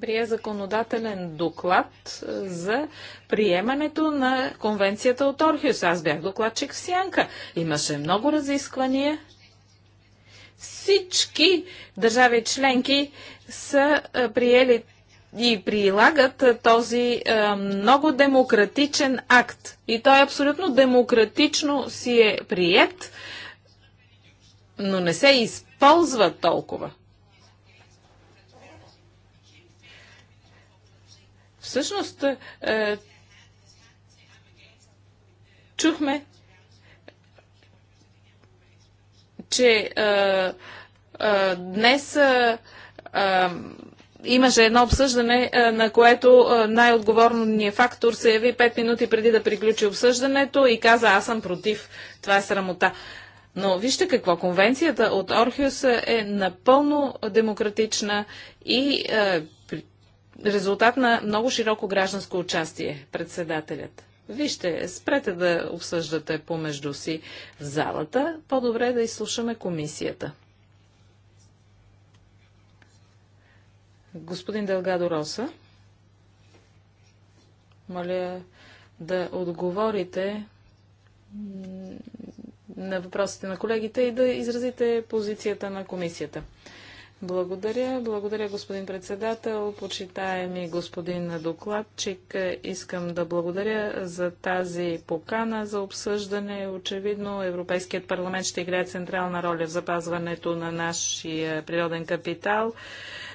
прие законодателен доклад е, за приемането на конвенцията от Орхиус. Аз бях докладчик в Сянка. Имаше много разисквания. Всички държави членки са е, приели и прилагат този е, много демократичен акт. И той абсолютно демократично си е прият, но не се използва толкова. Всъщност, е, чухме, че е, е, днес е, е имаше едно обсъждане, е, на което е, най-отговорният е фактор се яви 5 минути преди да приключи обсъждането и каза аз съм против. Това е срамота. Но вижте какво, конвенцията от Орхиус е напълно демократична и е, резултат на много широко гражданско участие, председателят. Вижте, спрете да обсъждате помежду си в залата, по-добре да изслушаме комисията. Господин Делгадо Роса, моля да отговорите на въпросите на колегите и да изразите позицията на комисията. Благодаря. Благодаря, господин председател. Почитаеми господин докладчик, искам да благодаря за тази покана за обсъждане. Очевидно, Европейският парламент ще играе централна роля в запазването на нашия природен капитал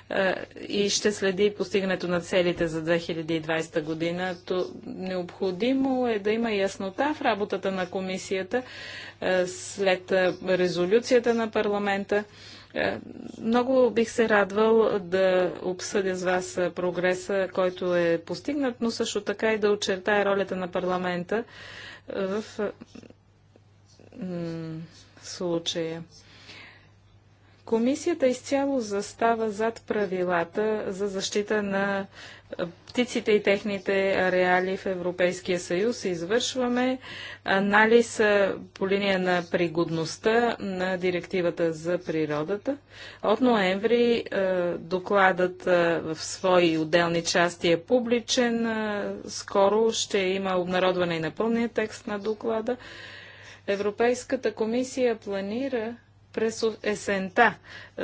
е, и ще следи постигането на целите за 2020 година. То необходимо е да има яснота в работата на комисията е, след е, резолюцията на парламента. Много бих се радвал да обсъдя с вас прогреса, който е постигнат, но също така и да очертая ролята на парламента в случая. Комисията изцяло застава зад правилата за защита на птиците и техните ареали в Европейския съюз. Извършваме анализ по линия на пригодността на директивата за природата. От ноември докладът в свои отделни части е публичен. скоро ще има обнародване и на пълния текст на доклада. Европейската комисия планира през есента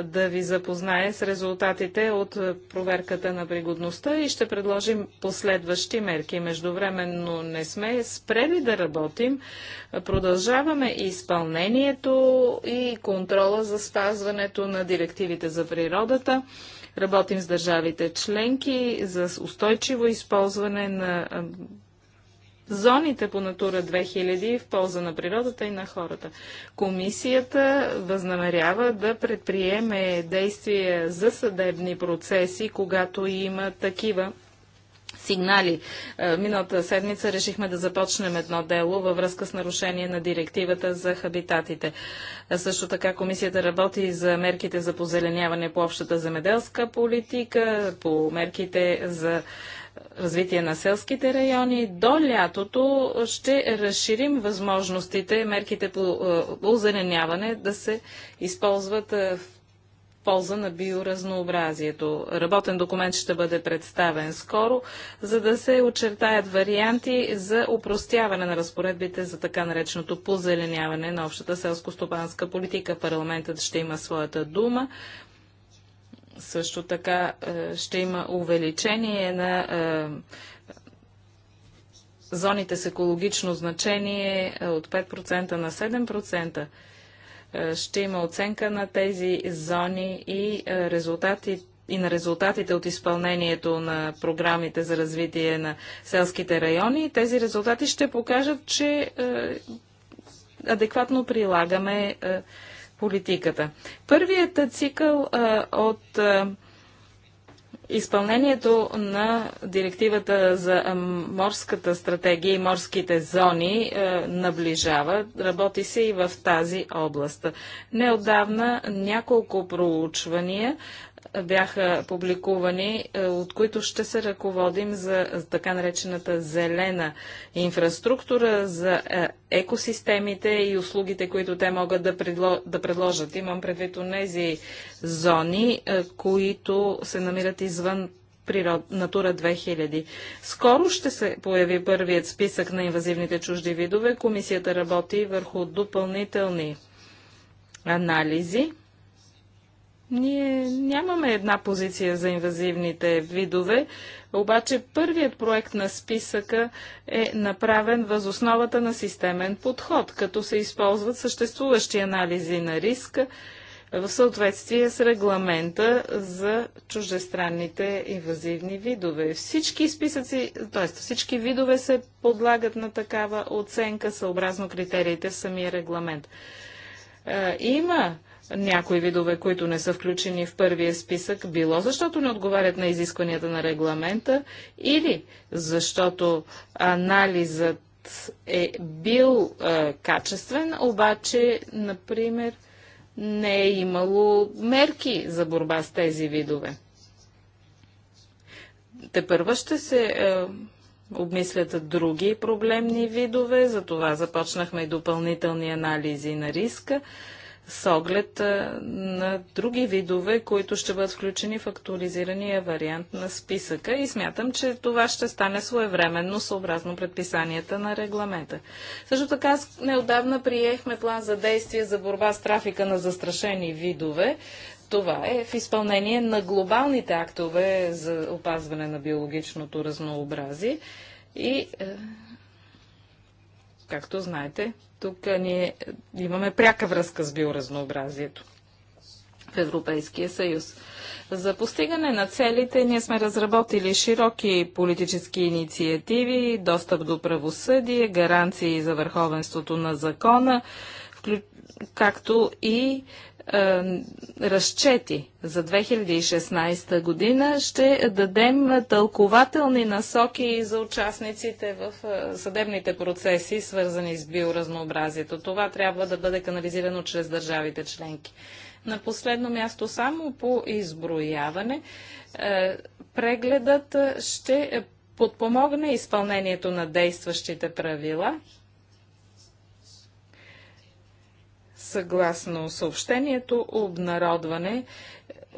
да ви запознае с резултатите от проверката на пригодността и ще предложим последващи мерки. Междувременно не сме спрели да работим. Продължаваме изпълнението и контрола за спазването на директивите за природата. Работим с държавите членки за устойчиво използване на зоните по Натура 2000 в полза на природата и на хората. Комисията възнамерява да предприеме действия за съдебни процеси, когато има такива сигнали. Е, миналата седмица решихме да започнем едно дело във връзка с нарушение на директивата за хабитатите. Е, също така комисията работи за мерките за позеленяване по общата земеделска политика, по мерките за развитие на селските райони. До лятото ще разширим възможностите, мерките по е, озеленяване да се използват е, в полза на биоразнообразието. Работен документ ще бъде представен скоро, за да се очертаят варианти за упростяване на разпоредбите за така нареченото позеленяване на общата селско-стопанска политика. Парламентът ще има своята дума също така е, ще има увеличение на е, зоните с екологично значение е, от 5% на 7%. Ще има оценка на тези зони и, резултати, и на резултатите от изпълнението на програмите за развитие на селските райони. Тези резултати ще покажат, че адекватно прилагаме политиката. Първият цикъл а, от а, изпълнението на директивата за морската стратегия и морските зони а, наближава. Работи се и в тази област. Неодавна няколко проучвания бяха публикувани, е, от които ще се ръководим за така наречената зелена инфраструктура, за е, екосистемите и услугите, които те могат да, предложат. Имам предвид тези зони, е, които се намират извън природ... Натура 2000. Скоро ще се появи първият списък на инвазивните чужди видове. Комисията работи върху допълнителни анализи ние нямаме една позиция за инвазивните видове, обаче първият проект на списъка е направен въз основата на системен подход, като се използват съществуващи анализи на риска в съответствие с регламента за чуждестранните инвазивни видове. Всички списъци, т.е. всички видове се подлагат на такава оценка съобразно критериите в самия регламент. Е, има някои видове, които не са включени в първия списък, било защото не отговарят на изискванията на регламента или защото анализът е бил е, качествен, обаче, например, не е имало мерки за борба с тези видове. Те първа ще се е, обмислят други проблемни видове, за това започнахме и допълнителни анализи на риска с оглед на други видове, които ще бъдат включени в актуализирания вариант на списъка и смятам, че това ще стане своевременно съобразно предписанията на регламента. Също така неодавна приехме план за действие за борба с трафика на застрашени видове. Това е в изпълнение на глобалните актове за опазване на биологичното разнообразие и е, Както знаете, тук ние имаме пряка връзка с биоразнообразието в Европейския съюз. За постигане на целите ние сме разработили широки политически инициативи, достъп до правосъдие, гаранции за върховенството на закона, както и е, разчети за 2016 година ще дадем тълкователни насоки за участниците в е, съдебните процеси, свързани с биоразнообразието. Това трябва да бъде канализирано чрез държавите членки. На последно място, само по изброяване, е, прегледът ще подпомогне изпълнението на действащите правила Съгласно съобщението, обнародване,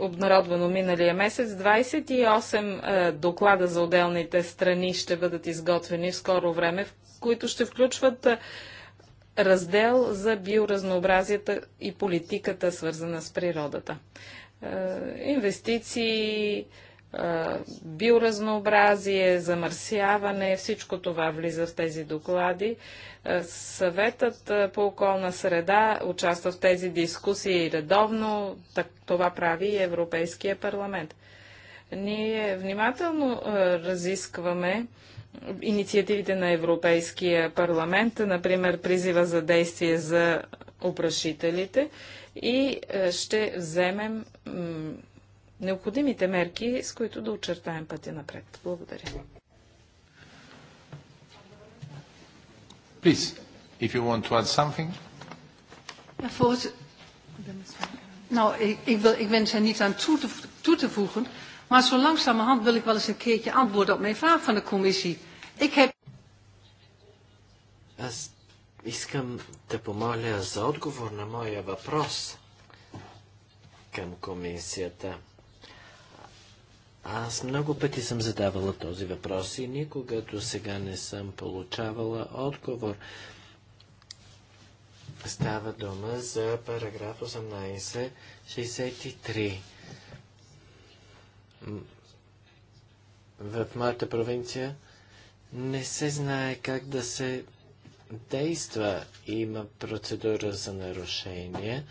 обнародвано миналия месец, 28 е, доклада за отделните страни ще бъдат изготвени в скоро време, в които ще включват е, раздел за биоразнообразията и политиката, свързана с природата. Е, инвестиции, биоразнообразие, замърсяване, всичко това влиза в тези доклади. Съветът по околна среда участва в тези дискусии редовно, това прави и Европейския парламент. Ние внимателно разискваме инициативите на Европейския парламент, например призива за действие за опрашителите и ще вземем необходимите мерки, с които да очертаем пътя напред. Благодаря. Please, if you want to add something. Nou, ik, ik, wil, ik wens er niets aan toe te, toe te voegen. Maar zo langzamerhand wil ik wel eens een keertje antwoorden op mijn vraag van de commissie. Ik heb... Аз искам да помоля за отговор на моя въпрос към комисията. Аз много пъти съм задавала този въпрос и никога до сега не съм получавала отговор. Става дума за параграф 1863. В моята провинция не се знае как да се действа. Има процедура за нарушение.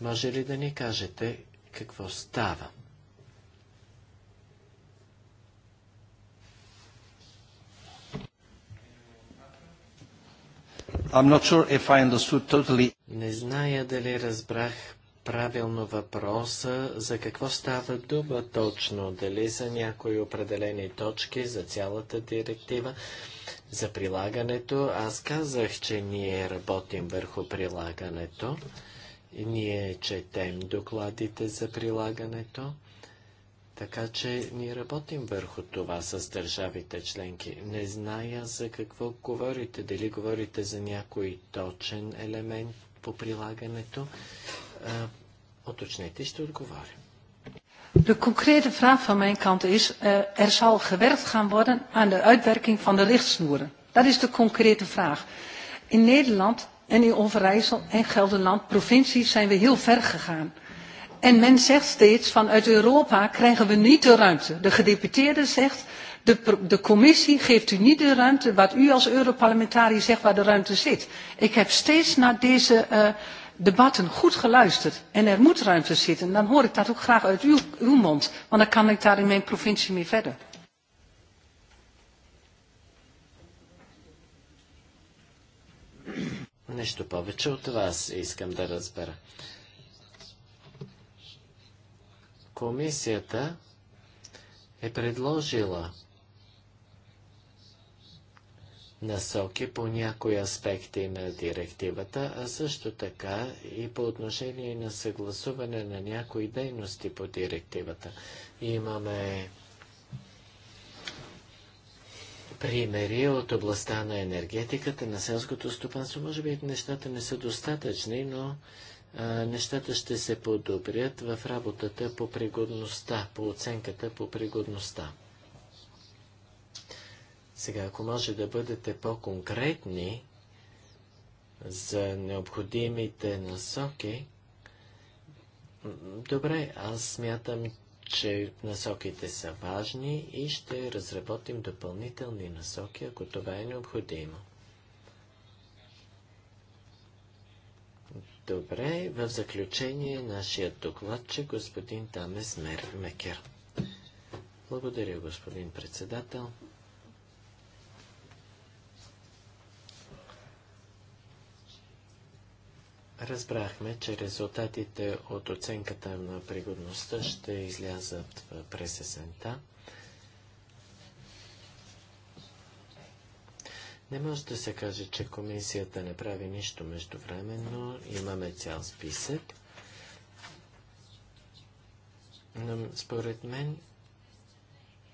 Може ли да ни кажете какво става? I'm not sure if I understood totally. Не зная дали разбрах правилно въпроса за какво става дума точно, дали за някои определени точки, за цялата директива, за прилагането. Аз казах, че ние работим върху прилагането. Ние четем докладите за прилагането. Така че ние работим върху това с държавите членки. Не зная за какво говорите. Дали говорите за някой точен елемент по прилагането? А, уточнете и ще отговорим. De concrete vraag van mijn kant is, uh, er zal gewerkt gaan worden aan de uitwerking van de richtsnoeren. Dat is de concrete vraag. In Nederland en in Overijssel en Gelderland, provincies, zijn we heel ver gegaan. En men zegt steeds vanuit Europa krijgen we niet de ruimte. De gedeputeerde zegt de, commissie geeft u niet de ruimte wat u als Europarlementariër zegt waar de ruimte zit. Ik heb steeds naar deze debatten goed geluisterd en er moet ruimte zitten. Dan hoor ik dat ook graag uit uw, mond, want dan kan ik daar in mijn provincie mee verder. Нещо повече от вас искам да разбера. Комисията е предложила насоки по някои аспекти на директивата, а също така и по отношение на съгласуване на някои дейности по директивата. Имаме примери от областта на енергетиката, на селското стопанство. Може би нещата не са достатъчни, но нещата ще се подобрят в работата по пригодността, по оценката по пригодността. Сега, ако може да бъдете по-конкретни за необходимите насоки, добре, аз смятам, че насоките са важни и ще разработим допълнителни насоки, ако това е необходимо. Добре, в заключение нашия докладчик, господин Тамес Мер Мекер. Благодаря, господин председател. Разбрахме, че резултатите от оценката на пригодността ще излязат през есента. Не може да се каже, че комисията не прави нищо междувременно. Имаме цял списък. Но според мен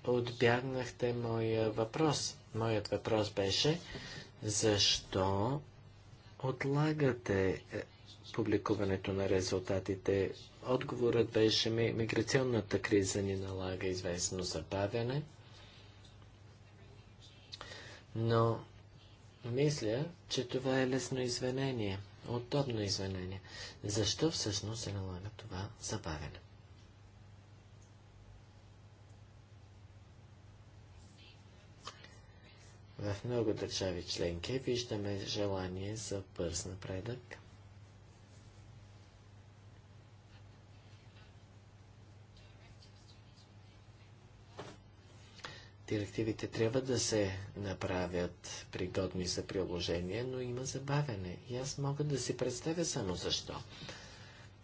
отбягнахте моя въпрос. Моят въпрос беше защо отлагате е, публикуването на резултатите. Отговорът беше ми, миграционната криза ни налага известно забавяне, но мисля, че това е лесно извинение, удобно извинение. Защо всъщност се налага това забавяне? В много държави членки виждаме желание за бърз напредък. директивите трябва да се направят пригодни за приложение, но има забавяне. И аз мога да си представя само защо.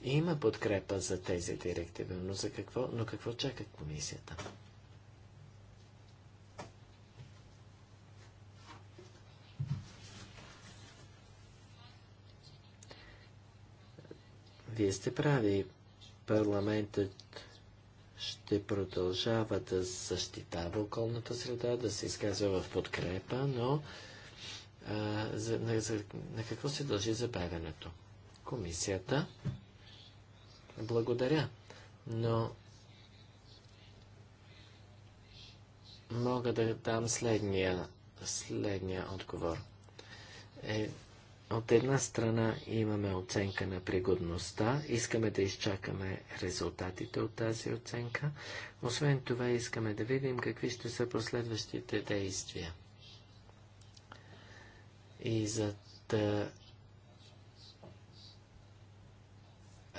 Има подкрепа за тези директиви, но, за какво, но какво чака комисията? Вие сте прави. Парламентът ще продължава да защитава околната среда, да се изказва в подкрепа, но а, за, на, за, на какво се дължи забавянето? Комисията. Благодаря. Но мога да дам следния, следния отговор. Е, от една страна имаме оценка на пригодността, искаме да изчакаме резултатите от тази оценка. Освен това искаме да видим какви ще са последващите действия. И за да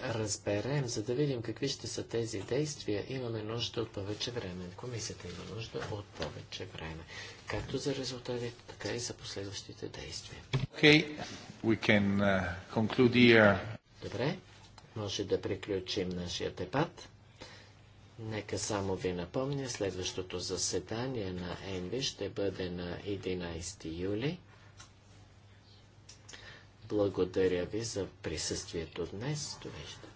разберем, за да видим какви ще са тези действия, имаме нужда от повече време. Комисията има нужда от повече време. Както за резултатите, така и за последващите действия. Okay. We can, uh, conclude here. Добре, може да приключим нашия дебат. Нека само ви напомня, следващото заседание на ЕНВИ ще бъде на 11 юли. Благодаря ви за присъствието днес. довежда.